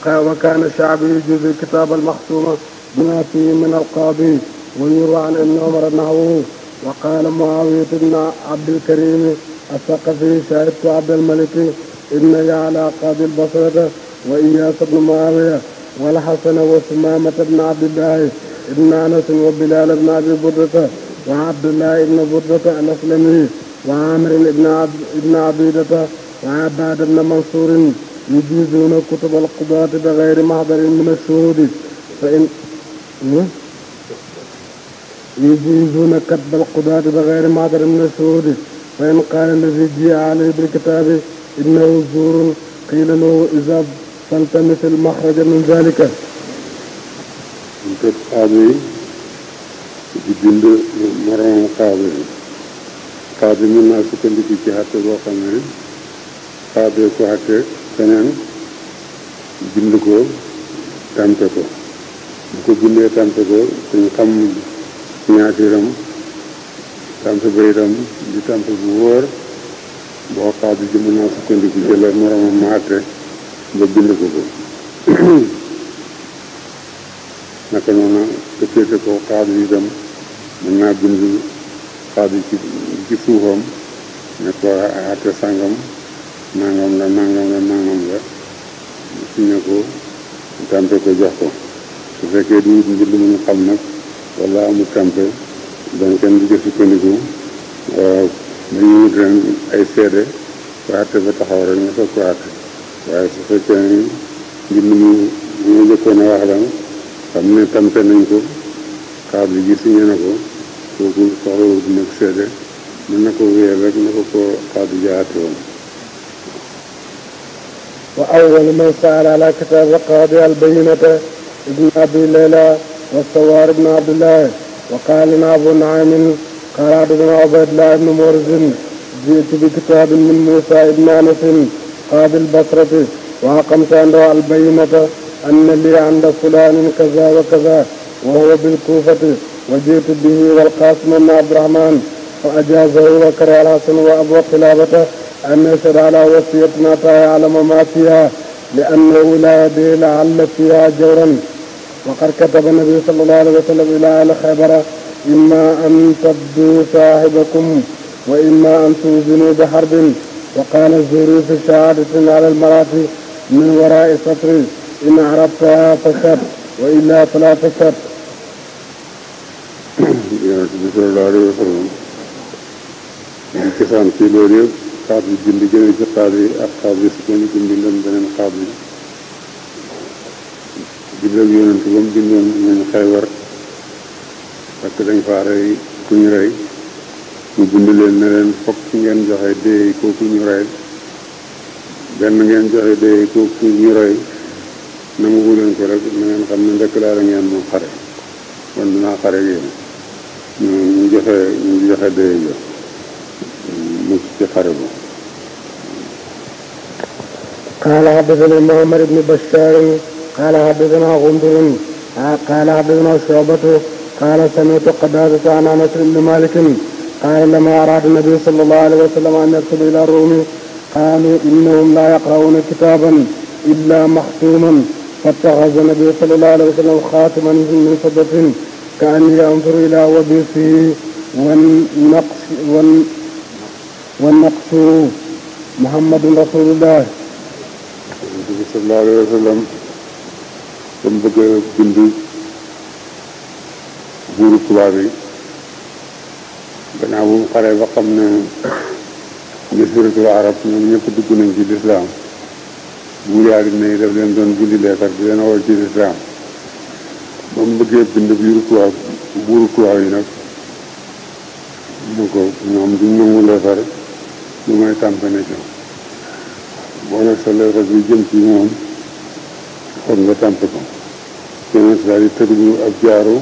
وكان الشعب يجوز الكتاب المختومة بما فيه من القاضي ويروى عن ابن عمر وقال معاوية بن عبد الكريم الثقفي شهدت عبد الملك ابن يعلى قاضي البصرة وإياس بن معاوية والحسن وثمامة بن عبد الله بن أنس وبلال بن أبي بردة وعبد الله بن بردة الأسلمي وعامر بن عبد بن عبيدة وعباد بن منصور يجيزون كتب القضاة بغير محضر من الشهود فإن يجيزون كتب القضاة بغير محضر من الشهود فإن قال الذي جاء عليه بالكتاب إنه زور قيل له إذا فالتمس المخرج من ذلك ñu teg xaaba yi di bind moromu xaaba yi xaaba yi mën naa sukkandiku ci xàtte boo xam ne xaabee ko xàtte keneen bind ko tàmpe ko bu ko bindee tàmpe ko suñ xam ñaatiram tàmpe ba di tàmpe bu wóor boo xaaba ji mën naa sukkandiku jëlee moromam ma xàtte nga bind ko ko naka noonu te féete ko xaadu itam mën naa bind xaadu ci ci suufam ne ko ate sàngam nangam la nangam la nangam la signé ko tampe ko jox ko su fekkee du mbind mu ñu xam nag wala amu tampe donc kenn du ko sukkandiku dañu wut ren ay seede ko àtte ba taxaw rek nga soog ko àtte waaye su fekkee ne mbind mu mu njëkkoon a wax la xam ne tampe nañ ko xaab li gi signé na ko kooku soxlawut nag seede mën na ko wéyal rek na ko ko xaab jaate woon wa awwalu man saala ala kitab wa qaadi al bayyinata ibn abi layla wa sawaar ibn abdullah wa qaala na abu naamin qaala adana ubaydullah ibn murzin jiitu bi kitaabin min musa ibn anasin أصحاب البصرة وأقمت رأى البينة أن لي عند فلان كذا وكذا وهو بالكوفة وجئت به والقاسم بن عبد الرحمن فأجازه على سن وأبو قلابة أن يشهد على وصية ما يعلم ما فيها لأنه لا يدري لعل فيها جورا وقد كتب النبي صلى الله عليه وسلم إلى أهل خيبر إما أن تبدوا صاحبكم وإما أن توزنوا بحرب وقال الزهري في شهادة على المرأة من وراء سطر إن عرفتها فسب وإلا فلا تسب yonent bi sallallahu alayhi wa sallam di cosaan ci loolu yëpp xaab yi bind gëne ci xaab yi ak xaab yi si gën bind leen beneen xaab yi jiblag yonent ba mu bindoon nañ xeewar parce que dañ faa rey ku ñu rey mu bind leen ne leen fokk ngeen joxe dee kooku ñu roy benn ngeen joxe dee kooku ñu roy nangu leen ko rek na ngeen xam ne ndekk laa la ngeen moom xare kon dinaa xare ak yéen ñu ñu joxe ñu joxe dee jo mucc ci xare bu قال حدثنا محمد بن بشار قال حدثنا غندر قال حدثنا شعبة قال سمعت قبادة عن انس بن مالك قال لما أراد النبي صلى الله عليه وسلم أن يكتب إلى الروم قالوا إنهم لا يقرؤون كتابا إلا مختوما فاتخذ النبي صلى الله عليه وسلم خاتما من فضة كان ينظر إلى وبيسه والنقص والنقص محمد رسول الله النبي صلى الله عليه وسلم എന്തൊക്കെ ബിന്ദു ഭൂരിക്കുവാറി gannaaw bu mu xaree ba xam ne jaziratul arab ñoom ñëpp dugg nañ ci lislaam buur yaa dina yi daf leen doon bindi leetar bi leen woo ci lislaam ba mu bëggee bind buuru tubaab buuru tubaab yi nag mu ko ñoom duñ nangu leetar lu may tàmpane ca boole ci moom nga tàmp ko keneen si daal di tëdd ab jaaro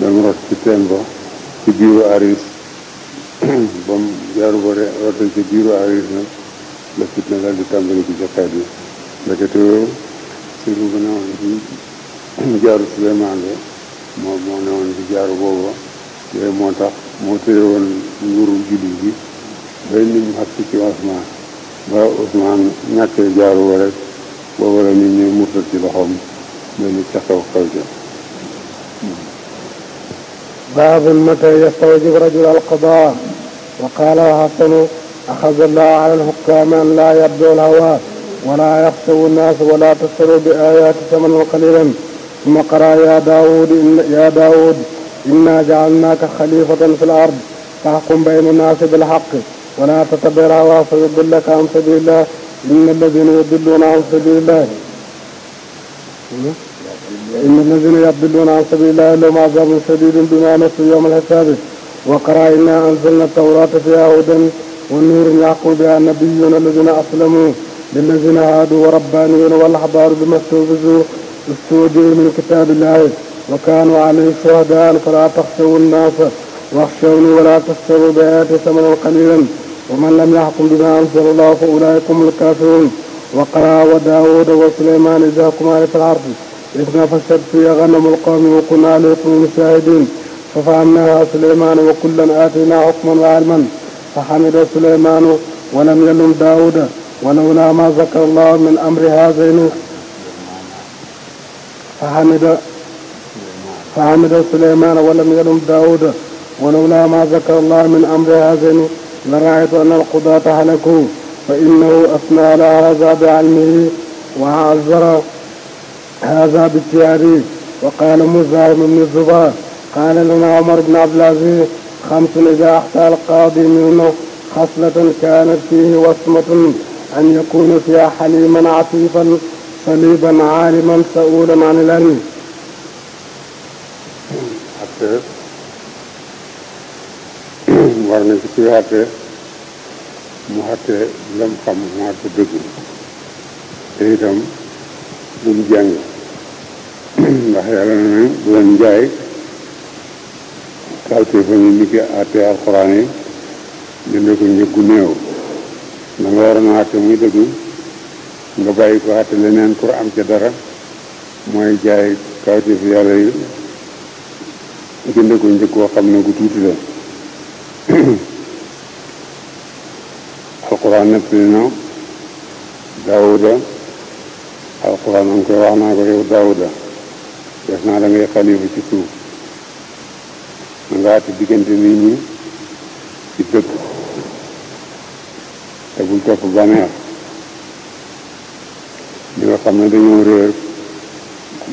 dama rot ci teen ba ci biiru aris ba mu jaaru ba rote ci biiru aris nag la fitna daal di tàmbali ci joxaat yi ndekete yooyu si lu gën a woon ci jaaru Suleymaan la moo moo ne woon ci jaaru booba yooyu moo tax moo tëye woon nguuru jullit bi bay nit ñu xàpp ci Osmaan ba Osmaan ñàkkee jaaru ba rek booba la nit ñi murtat ci loxoom mel ni ca kaw kaw ja باب متى يستوجب رجل القضاء وقال وحسن أخذ الله على الحكام أن لا يبدو الهوى ولا يخطب الناس ولا تشتروا بآيات ثمن قليلا ثم قرأ يا داود إن يا داود إنا جعلناك خليفة في الأرض فاحكم بين الناس بالحق ولا تتبع الهوى فيضلك عن سبيل الله إن الذين يضلون عن سبيل الله إن الذين يضلون عن سبيل الله لهم عذاب شديد بما نسوا يوم الحساب وقرأ إنا أنزلنا التوراة فيها هدى والنور يعقل بها النبيون الذين أسلموا للذين هادوا وربانيون والأحبار بما استوجزوا من كتاب الله وكانوا عليه شهداء فلا تخشوا الناس واخشوني ولا تشتروا بآياتي ثمنا قليلا ومن لم يحكم بما أنزل الله فأولئك هم الكافرون وقرأ وداود وسليمان إذا حكما في العرض إذ نفشت في غنم القوم وكنا عليكم شاهدين ففهمناها سليمان وكلا آتينا حكما وعلما فحمد سليمان ولم يلم داود ولولا ما ذكر الله من أمر هذين فحمد فحمد سليمان ولم يلم داود ولولا ما ذكر الله من أمر هذين لرأيت أن القضاة هلكوا فإنه أثنى على هذا بعلمه وعذر هذا بالتعريف وقال مزار بن الزبار قال لنا عمر بن عبد العزيز خمس إذا أحصى القاضي منه خصلة كانت فيه وصمة أن يكون فيها حليما عفيفا صليبا عالما سؤولا عن العلم. war na ci kuy mu lam xam mu dëgg te itam mu jàng ndax yàlla na bu leen jaay kawtee fa ñu niki àttee alxuraan yi jëndee ko njëggu néew na nga waroon a àtte muy dëgg nga bàyyi ko àtte leneen pour am ca dara mooy jaay kawtee fi yàlla yi jëndee ko njëg koo xam ne gu tuuti la alxuraan nettali na Daawuda alxuraan am koy wax naa ko yow Daawuda def naa da ngay xalifa ci suuf ma nga diggante nit ñi ci dëgg te bul topp baneex ñi xam ne dañoo réer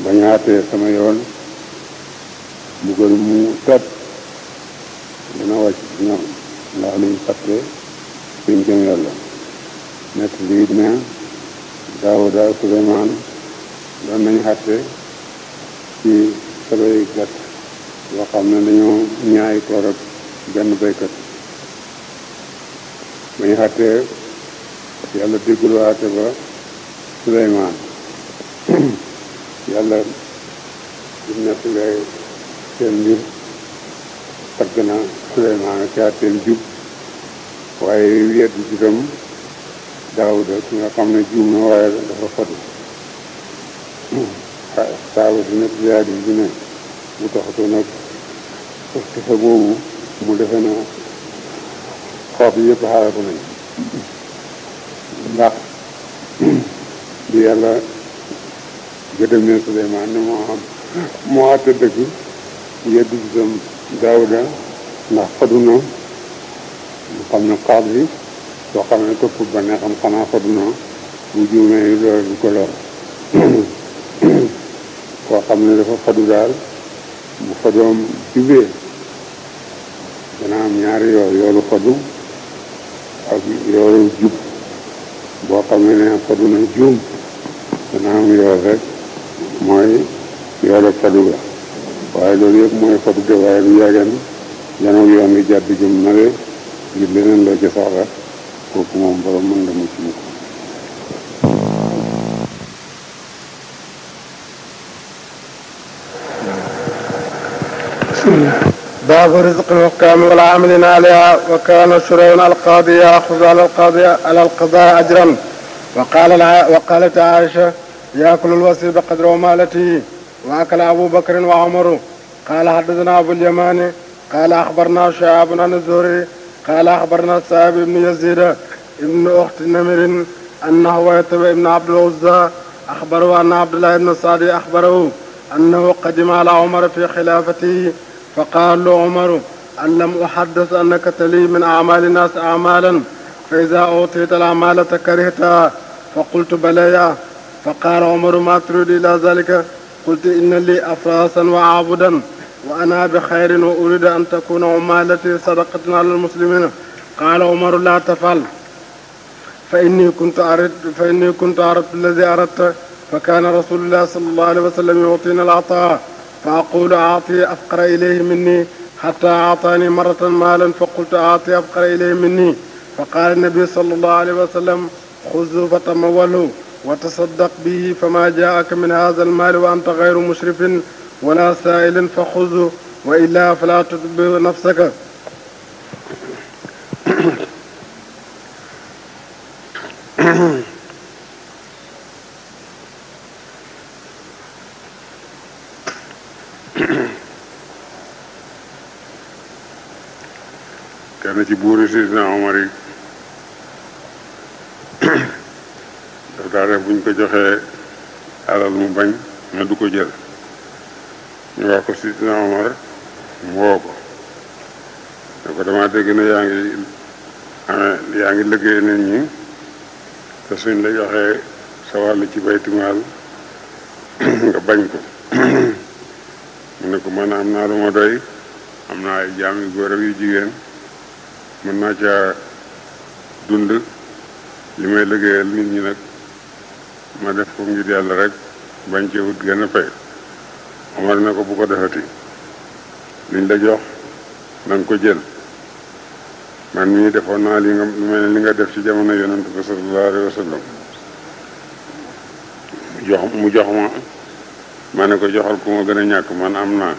bañ a sama yoon buggal mu tat dina wàcc ci ñoom ndax liñ fàtte suñ jëm yàlla nekk lii ne Daawuda Suleymaan doon nañu àtte ci soloy gàtt yoo xam ne dañoo ñaay ko rek benn baykat ba ñu xattee yàlla déggul waate ba Suleymaan yàlla ñimu nett lay seen mbir tagg na Suleymaan ci àtteem jub waaye wedd judam Daawuda ki nga xam ne juum na waaye dafa fatu saabatu nag ziyaadis bi ne mu taxatu nag ëftisa boobu mu defe na xoof yi yëpp xaalaku nañ ndax di yàlla gëdëmee Suleymaan ne moo xam moo àtte dëgg yeddu gisam Daawuda ndax fadu na mu bi soo xam ne topp ba ne xam xanaa fadu na bu juumee loolu ko lool koo xam ne dafa fadu daal bu fadoom jubee dana am ñaari yool yoolu fadu ak yoolu jub boo xam ne fadu na juum dana am yool rek mooy yoolu fadu la waaye loolu yëpp mooy fadu de waaye du yàggan yanoog yoon ngi jàdd jëm nale ngir leneen loo ci kooku moom borom mën nga mucc mukk باب رزق الحكام والعاملين عليها وكان شريع القاضي ياخذ على القاضي على القضاء اجرا وقال وقالت عائشه ياكل الوصي بقدر مالته واكل ابو بكر وعمر قال حدثنا ابو اليماني قال اخبرنا شعب عن الزهري قال اخبرنا سعيد بن يزيد ابن اخت نمر انه يتبع ابن عبد العزى اخبره ان عبد الله بن سعد اخبره انه قدم على عمر في خلافته فقال له عمر أن لم أحدث أنك تلي من أعمال الناس أعمالا فإذا أعطيت الأعمال كرهتها فقلت بلى يا فقال عمر ما تريد إلى ذلك قلت إن لي أفراسا وأعبدا وأنا بخير وأريد أن تكون عمالتي صدقة على المسلمين قال عمر لا تفعل فإني كنت أردت فإني كنت أردت الذي أردت فكان رسول الله صلى الله عليه وسلم يعطينا العطاء فأقول أعطي أفقر إليه مني حتى أعطاني مرة مالا فقلت أعطي أفقر إليه مني فقال النبي صلى الله عليه وسلم خذه فتموله وتصدق به فما جاءك من هذا المال وأنت غير مشرف ولا سائل فخذه وإلا فلا تتبع نفسك kenn ci buuri Seydina Omar yi daf daa def bu ko joxee alal mu bañ ne du ko jël ñu wax ko Seydina Omar mu ko ne ko dama dégg ne yaa ngi amee yaa ngi liggéey nit ñi te suñ la joxee sa wàll ci baytimaal nga bañ ko mu ne ko man am naa lu ma doy am naa ay jaam yu góor ak yu jigéen mën naa caa dund li may liggéeyal nit ñi nag ma def ko ngir yàlla rek bañ ci wut gën pay Omar na ko bu ko defati liñ la jox na ko jël man mii defoon naa li nga lu mel ne li nga def ci jamono yonent bi sallallahu alayhi wa mu jox ma ma ne ko joxal ku ma gën a ñàkk man am naa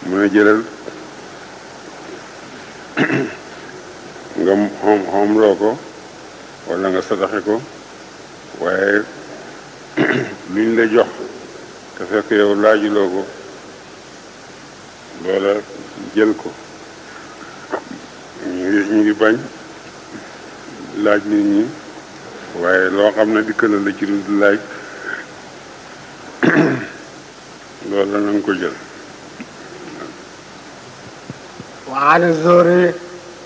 mu ne jëlal nga xoom xoomloo ko wala nga sadaxe ko waaye luñ la jox te fekk yow laajuloo ko loola jël ko ñu ngi bañ laaj nit ñi waaye loo xam ne dikk na la ci dul laaj loola na nga ko jël.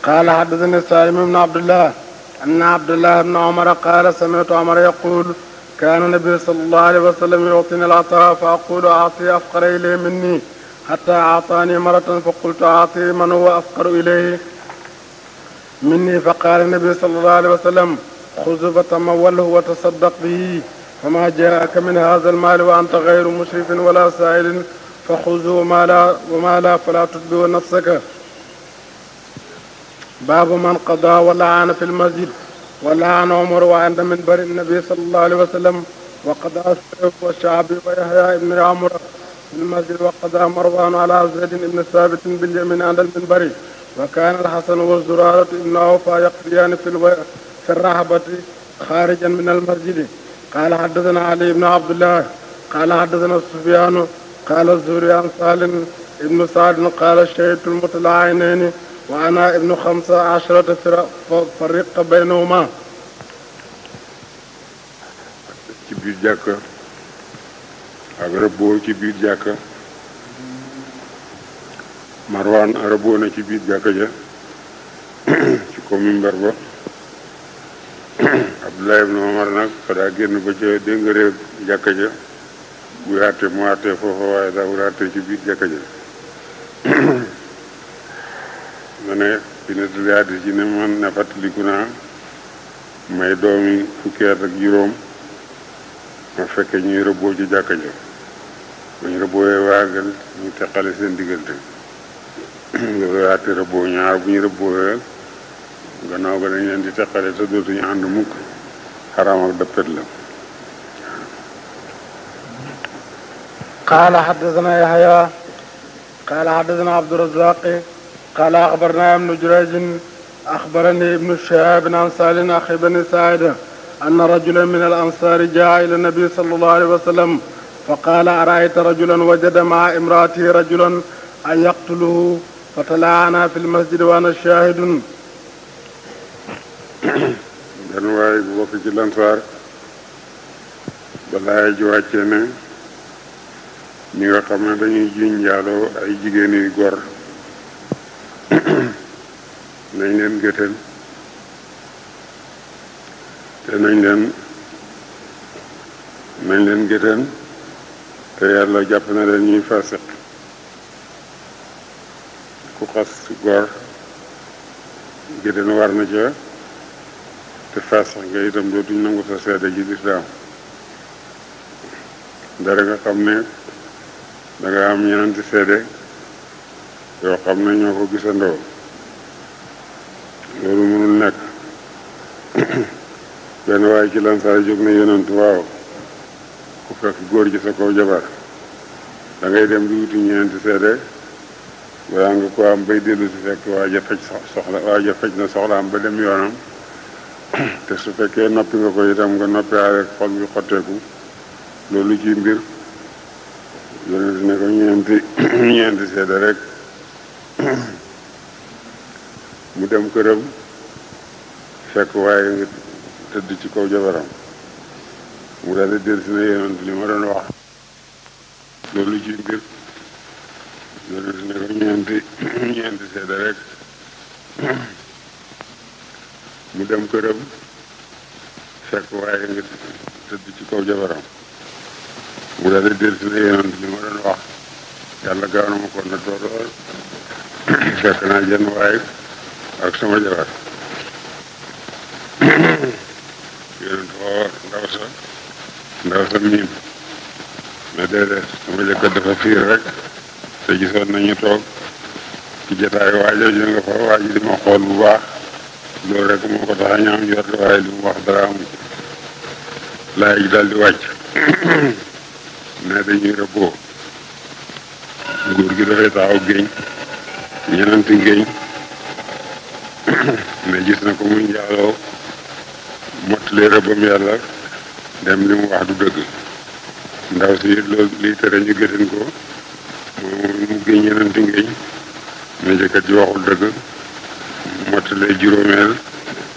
قال حدثني سالم بن عبد الله أن عبد الله بن عمر قال سمعت عمر يقول كان النبي صلى الله عليه وسلم يعطيني العطاء فأقول أعطي أفقر إليه مني حتى أعطاني مرة فقلت أعطي من هو أفقر إليه مني فقال النبي صلى الله عليه وسلم خذ فتموله وتصدق به فما جاءك من هذا المال وأنت غير مشرف ولا سائل فخذوا ما لا وما لا فلا تتبع نفسك باب من قضى ولعن في المسجد ولعن عمر وعند منبر النبي صلى الله عليه وسلم وقضى الشيخ والشعبي ويحيى بن عمر في المسجد وقضى مروان على زيد بن ثابت باليمين عند المنبر وكان الحسن والزرارة بن عوف يقضيان في الو... في الرحبة خارجا من المسجد قال حدثنا علي بن عبد الله قال حدثنا سفيان قال الزوري عن سالم بن سعد قال شهدت المتلعينين وأنا ابن خمسة عشرة فرقة فرقت بينهما ci biir jàkka ak rëbboo ci biir jàkka Marwan rëbboo na ci biir jàkka ja ci kaw mimbar ba Abdoulaye ibn Omar fa daa génn ba ca jàkka ja buy mu àtte foofa waaye daawul àtte ci biir jàkka ja mu ne bi ne tali hadis ci ne man ne fàttaliku naa may doomi fukki at ak juróom ma fekkee ñuy rëbboo ci jàkka ja bu ñu rëbboowee waagal ñu teqale seen diggante loolu àtte rëbboo ñaar bu ñu rëbboowee gannaaw ga dañ leen di teqale te dootuñu ànd mukk xaraam ak dëppet la qaala xaddasana yaxya qaala xaddasana abdurazaqi قال أخبرنا ابن جريج أخبرني ابن الشهاب عن سالم أخي بن سعيد أن رجلا من الأنصار جاء إلى النبي صلى الله عليه وسلم فقال أرأيت رجلا وجد مع امرأته رجلا أن يقتله فتلاعنا في المسجد وأنا شاهد benn waay bu bokk ci lansaar balaay ji wàccee ne ñi nga xam ne dañuy jiñ njaaloo nañ leen gëtël te nañ leen nañ leen gëtël te yàlla jàpp na leen ñuy fasiq ku xas góor gëtël war na ca te fasiq nga itam dootuñ nangu sa seede ji lislaam dara nga xam ne da nga am ñenanti seede yoo xam ne ñoo ko gisandoo loolu mënul nekk benn waaye ci lansaar jóg na yonent waaw ku fekk góor ji sa kaw jabar da dem di wuti ñeenti seede balaa nga ko am bay dellu si fekk waa ja faj soxla waa ja na soxlaam ba dem yoonam te su fekkee noppi nga ko itam nga noppi rek xol bi xotteeku loolu ci mbir yonent ne ko ñeenti ñeenti seede rek mu dem këram fekk waaye nga tëdd ci kaw jabaram mu daal di dér si ne yonent li ma doon wax loolu ci mbir si ne ko ñeent ñeent seede rek mu dem këram fekk waaye nga tëdd ci kaw jabaram mu daal di dér si ne yonent li ma doon wax yàlla gaaw na ma ko na toolool fekk naa jenn waaye ak sama jabar yéen foo ndaw sa ndaw sa miin mais déedéet sama jëkkër dafa fiir rek te gisoon ñu toog ci jataayu waajo jë nga fa waaji di ma xool bu baax lool rek moo ko tax a ñaam jot waaye li mu wax dara amu laay ji daal di wàcc ne dañuy rëbboo nguur gi dafay taxaw géeñ yonent ngéeñ mais gis na ko muy njaaloo mottalee rëbbam yàlla dem li mu wax du dëgg ndaw si loolu liy tere ñu gëten ko moom mu géñ yonent ngéeñ mais jëkkat ji waxul dëgg mottalee juróomeel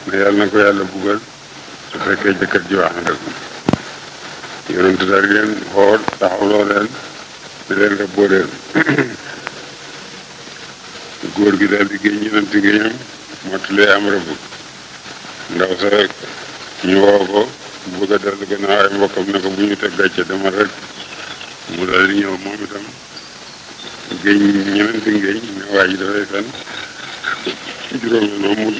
mais yàlla na ko yàlla buggal su fekkee jëkkat ji wax na dëgg yonent daal leen xool taxawloo leen di leen rëbboo leen góor gi daal di génn ñenanti géñam mottalee am rëbb ndaw sa rek ñu woo ko bëgg a dellu gannaaw ay mbokkam ne ko bu ñu teg gàcce dama rek mu daal di ñëw moom itam géñ ñenanti géñ ne waa dafay fen juróom la noo mun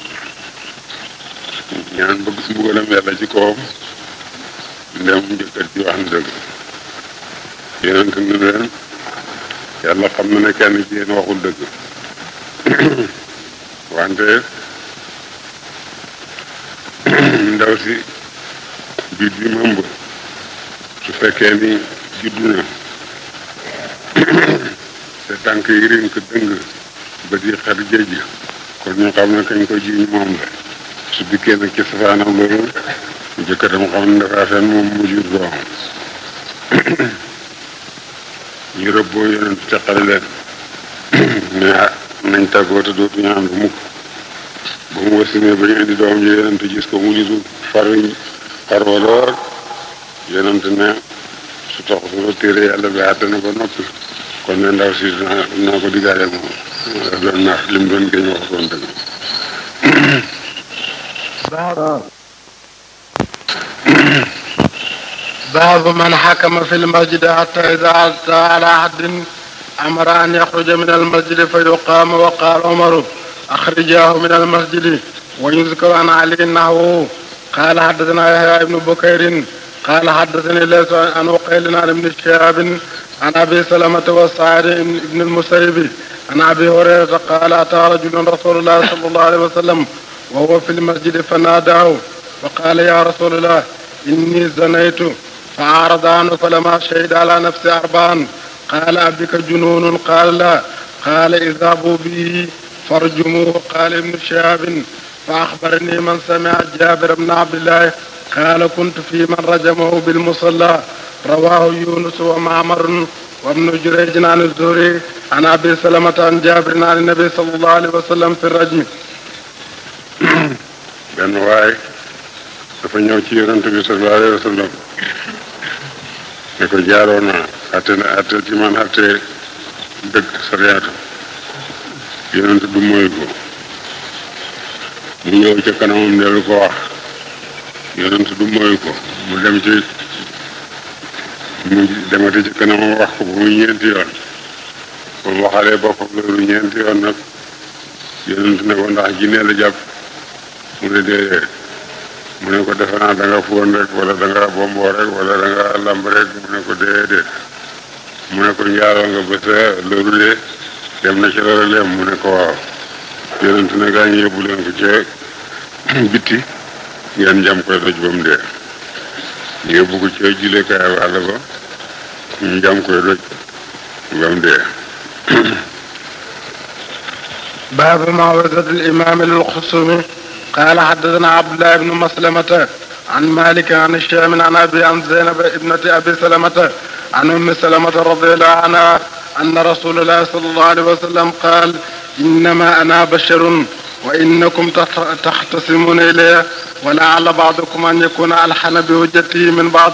ñaan bëgg mbugalam yàlla ci kawam ndem jëkkër ci wax na dëgg yonent na leen yàlla xam na ne kenn ci yéen waxul dëgg wante ndaw si biir bi mëmb su fekkee ni juddu na te tànk yi rink dëng ba di xar géej kon ñu xam ne kañ ko jiiñ moom la su dikkee nag ci safaanam loolu jëkkëram xam ne moom mu jur doom ñu rëbboo yonent teqal leen ah, nañ tàggoo te dootu ñu ànd mukk ba mu wasine ba ñu indi doom ji yenente gis ko mu nitu farriñ xarwaloor yenente ne su tax su téere yàlla bi àtte na ko noppi kon ne ndaw si naa ko digaale moom daf doon naax lim doon géñ wax doon dëgg باب من حكم في المسجد حتى إذا أتى على حد أمر أن يخرج من المسجد فيقام وقال عمر أخرجاه من المسجد ويذكر عن علي أنه قال حدثنا يحيى بن بكير قال حدثني ليس عن وقيل عن ابن شهاب عن أبي سلمة وسعد بن المسيب عن أبي هريرة قال أتى رجل رسول الله صلى الله عليه وسلم وهو في المسجد فناداه فقال يا رسول الله إني زنيت فأعرض عنه فلما شهد على نفسي أربعا قال أبك جنون قال لا قال اذهبوا به فارجموه قال ابن شهاب فأخبرني من سمع جابر بن عبد الله قال كنت في من رجمه بالمصلى رواه يونس ومعمر وابن جريج عن الزهري عن ابي سلمه عن جابر عن النبي صلى الله عليه وسلم في الرجم بن waay dafa ñëw ci صلى الله عليه وسلم. ne ko jaaroon naa na àtte ci man àtte dëkk sariyaatu yonent bi mooy ko mu ñëw dellu ko wax yonent bi mooy ko mu dem ci mu demati ci kanamam wax ko bu muy ñeenti yoon ba mu waxalee boppam loolu ñeenti yoon nag yonent ne ko ndax jinne jàpp mu ne déedéet mu ne ko defe naa da nga fóon rek wala da bomboo rek wala da lamb rek mu ne ko déedéet mu ne ko njaaloo nga ba sa de dem na ci loola leem mu ne ko waaw yonent ne gaa ñu yóbbu leen ko ca bitti ngeen jam koy doj ba mu dee ñu yóbbu ko ca julekaayu àll ba ñu koy doj ba mu dee baabu ma'wizatil imaam al-xusumi قال حدثنا عبد الله بن مسلمة عن مالك عن الشام عن أبي عن زينب ابنة أبي سلمة عن أم سلمة رضي الله عنها أن رسول الله صلى الله عليه وسلم قال إنما أنا بشر وإنكم تختصمون إلي ولعل بعضكم أن يكون ألحن بهجته من بعض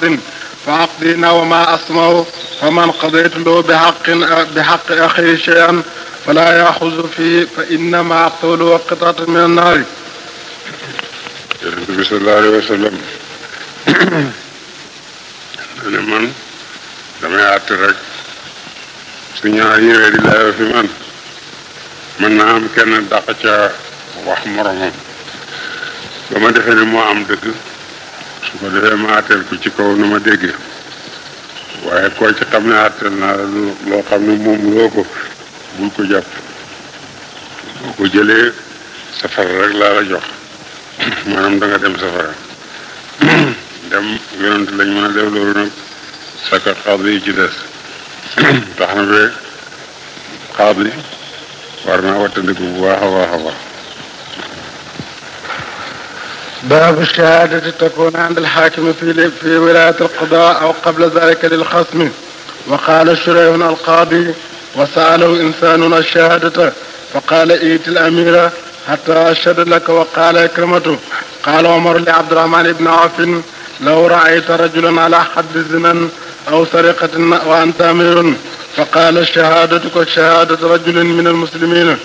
فأقضينا وما أسمع فمن قضيت له بحق بحق أخيه شيئا فلا يأخذ فيه فإنما أقتله قطعة من النار yonent bi man damay àtt rek su ñaar yëwee di layo fi man mën naa am kenn dàq ca wax moromam ba ma defee ne moo am dëgg su ko defee ma àtteel ko ci kaw nu ma déggee waaye koo ci xam ne àtteel naa loo xam ne moom loo ko bul ko jàpp boo ko jëlee safara rek laa la jox maanaam da nga dem safara dem yonent lañ mën a def loolu nag saka xaad yi ci des tax na be xaad yi war naa wattandiku bu baax a baax a baax باب الشهادة تكون عند الحاكم في في ولاية القضاء أو قبل ذلك للخصم وقال شريح القاضي وسأله إنسان الشهادة فقال ائت الأميرة حتى أشهد لك وقال إكرمته قال عمر لعبد الرحمن بن عوف لو رأيت رجلا على حد زنا أو سرقة وأنت أمير فقال شهادتك شهادة رجل من المسلمين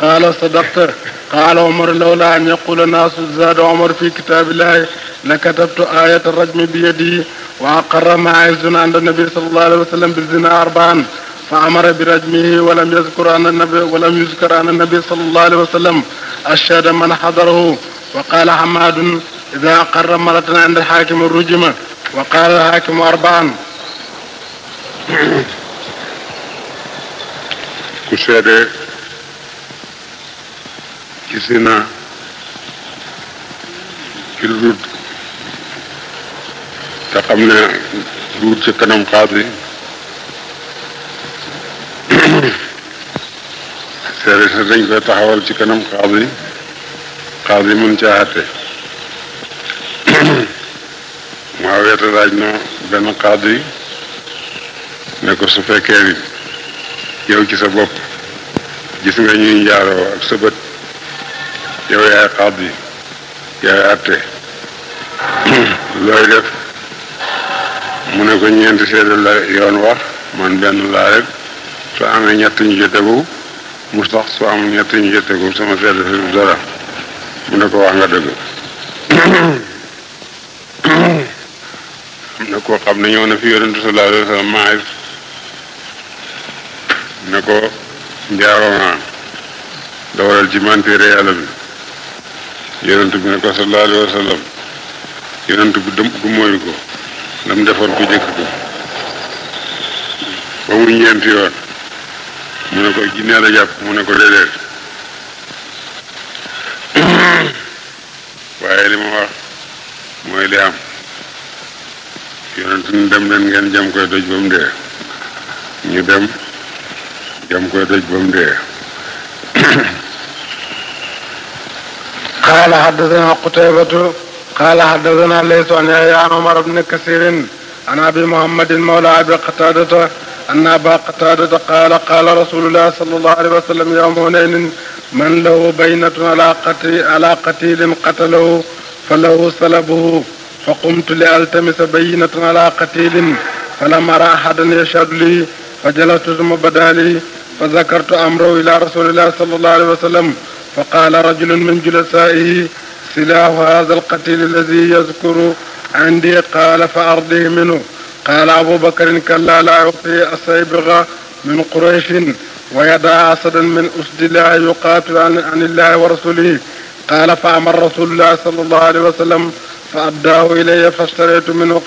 قال صدقت قال عمر لولا أن يقول الناس زاد عمر في كتاب الله لكتبت آية الرجم بيدي وأقر معي الزنا عند النبي صلى الله عليه وسلم بالزنا أربعا فأمر برجمه ولم يذكر عن النبي ولم يذكر عن النبي صلى الله عليه وسلم أشهد من حضره وقال حماد إذا أقر مرة عند الحاكم الرجم وقال الحاكم أربعا كشاد كسنا كالرد تقمنا رود كنم قاضي seere si dañ koy taxawal ci kanam xaas yi xaas yi mën caa àtte Muawiya laaj na benn xaad yi ne ko su fekkee ni yow ci sa bopp gis nga ñuy njaaroo ak sa bët yaay xaad yi yaay àtte looy def mu ne ko ñeenti seede la yoon wax man benn laa rek soo amee ñett ñu ci mu sax soo amul ñett ñu ci tegu sama sedd si dara mu ne ko wax nga dëgg am na koo xam ne ñëw na fi yonentu sallallahu alayhi wa sallam maay ne ko njaaroo naa la waral ci mantéere yàlla ko sallallahu alayhi wa sallam yonent bi gu mooyu ko lam defoon ku jëkk ko ba ñeenti yoon mu ne ko jinne la jàpp mu ne ko déedéet waaye li ma wax mooy li am ni dem leen ngeen jam doj ba mu dee ñu dem jam koy doj ba mu dee qaala xaddasanaa qutaybatu qaala xaddasanaa kasirin an abi muhammadin mawla abi qataadata أن أبا قتادة قال قال رسول الله صلى الله عليه وسلم يوم هنين من له بينة على قتيل, على قتيل قتله فله سلبه فقمت لألتمس بينة على قتيل فلم أرى أحدا يشهد لي فجلست ثم بدا لي فذكرت أمره إلى رسول الله صلى الله عليه وسلم فقال رجل من جلسائه سلاح هذا القتيل الذي يذكر عندي قال فأرضه منه قال أبو بكر كلا لا يطيع صيبغة من قريش ويدعى أسدا من أسد الله يقاتل عن الله ورسوله قال فأمر رسول الله صلى الله عليه وسلم فأداه إلي فاشتريت منه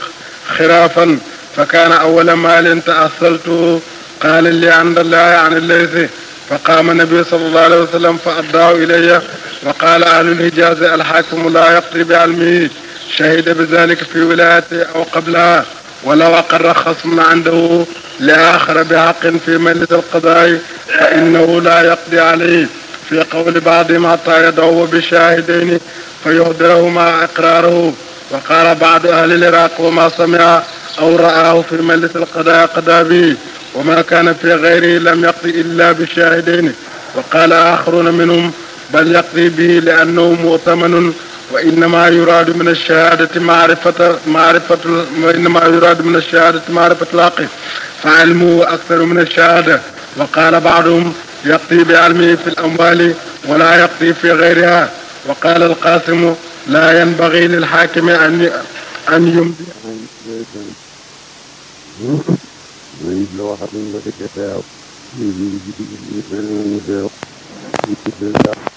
خرافا فكان أول مال تأصلته قال لي عند الله عن الليث فقام النبي صلى الله عليه وسلم فأداه إلي وقال أهل الحجاز الحاكم لا يقضي بعلمه شهد بذلك في ولايته أو قبلها ولو أقر خصم عنده لآخر بحق في مجلس القضاء فإنه لا يقضي عليه في قول بعضهم حتى يدعو بشاهدين فيهدرهما إقراره وقال بعض أهل العراق وما سمع أو رآه في مجلس القضاء قضى به وما كان في غيره لم يقضي إلا بشاهدين وقال آخرون منهم بل يقضي به لأنه مؤتمن وإنما يراد من الشهادة معرفة معرفة وإنما يراد من الشهادة معرفة الحق فعلمه أكثر من الشهادة وقال بعضهم يقضي بعلمه في الأموال ولا يقضي في غيرها وقال القاسم لا ينبغي للحاكم أن أن يمضي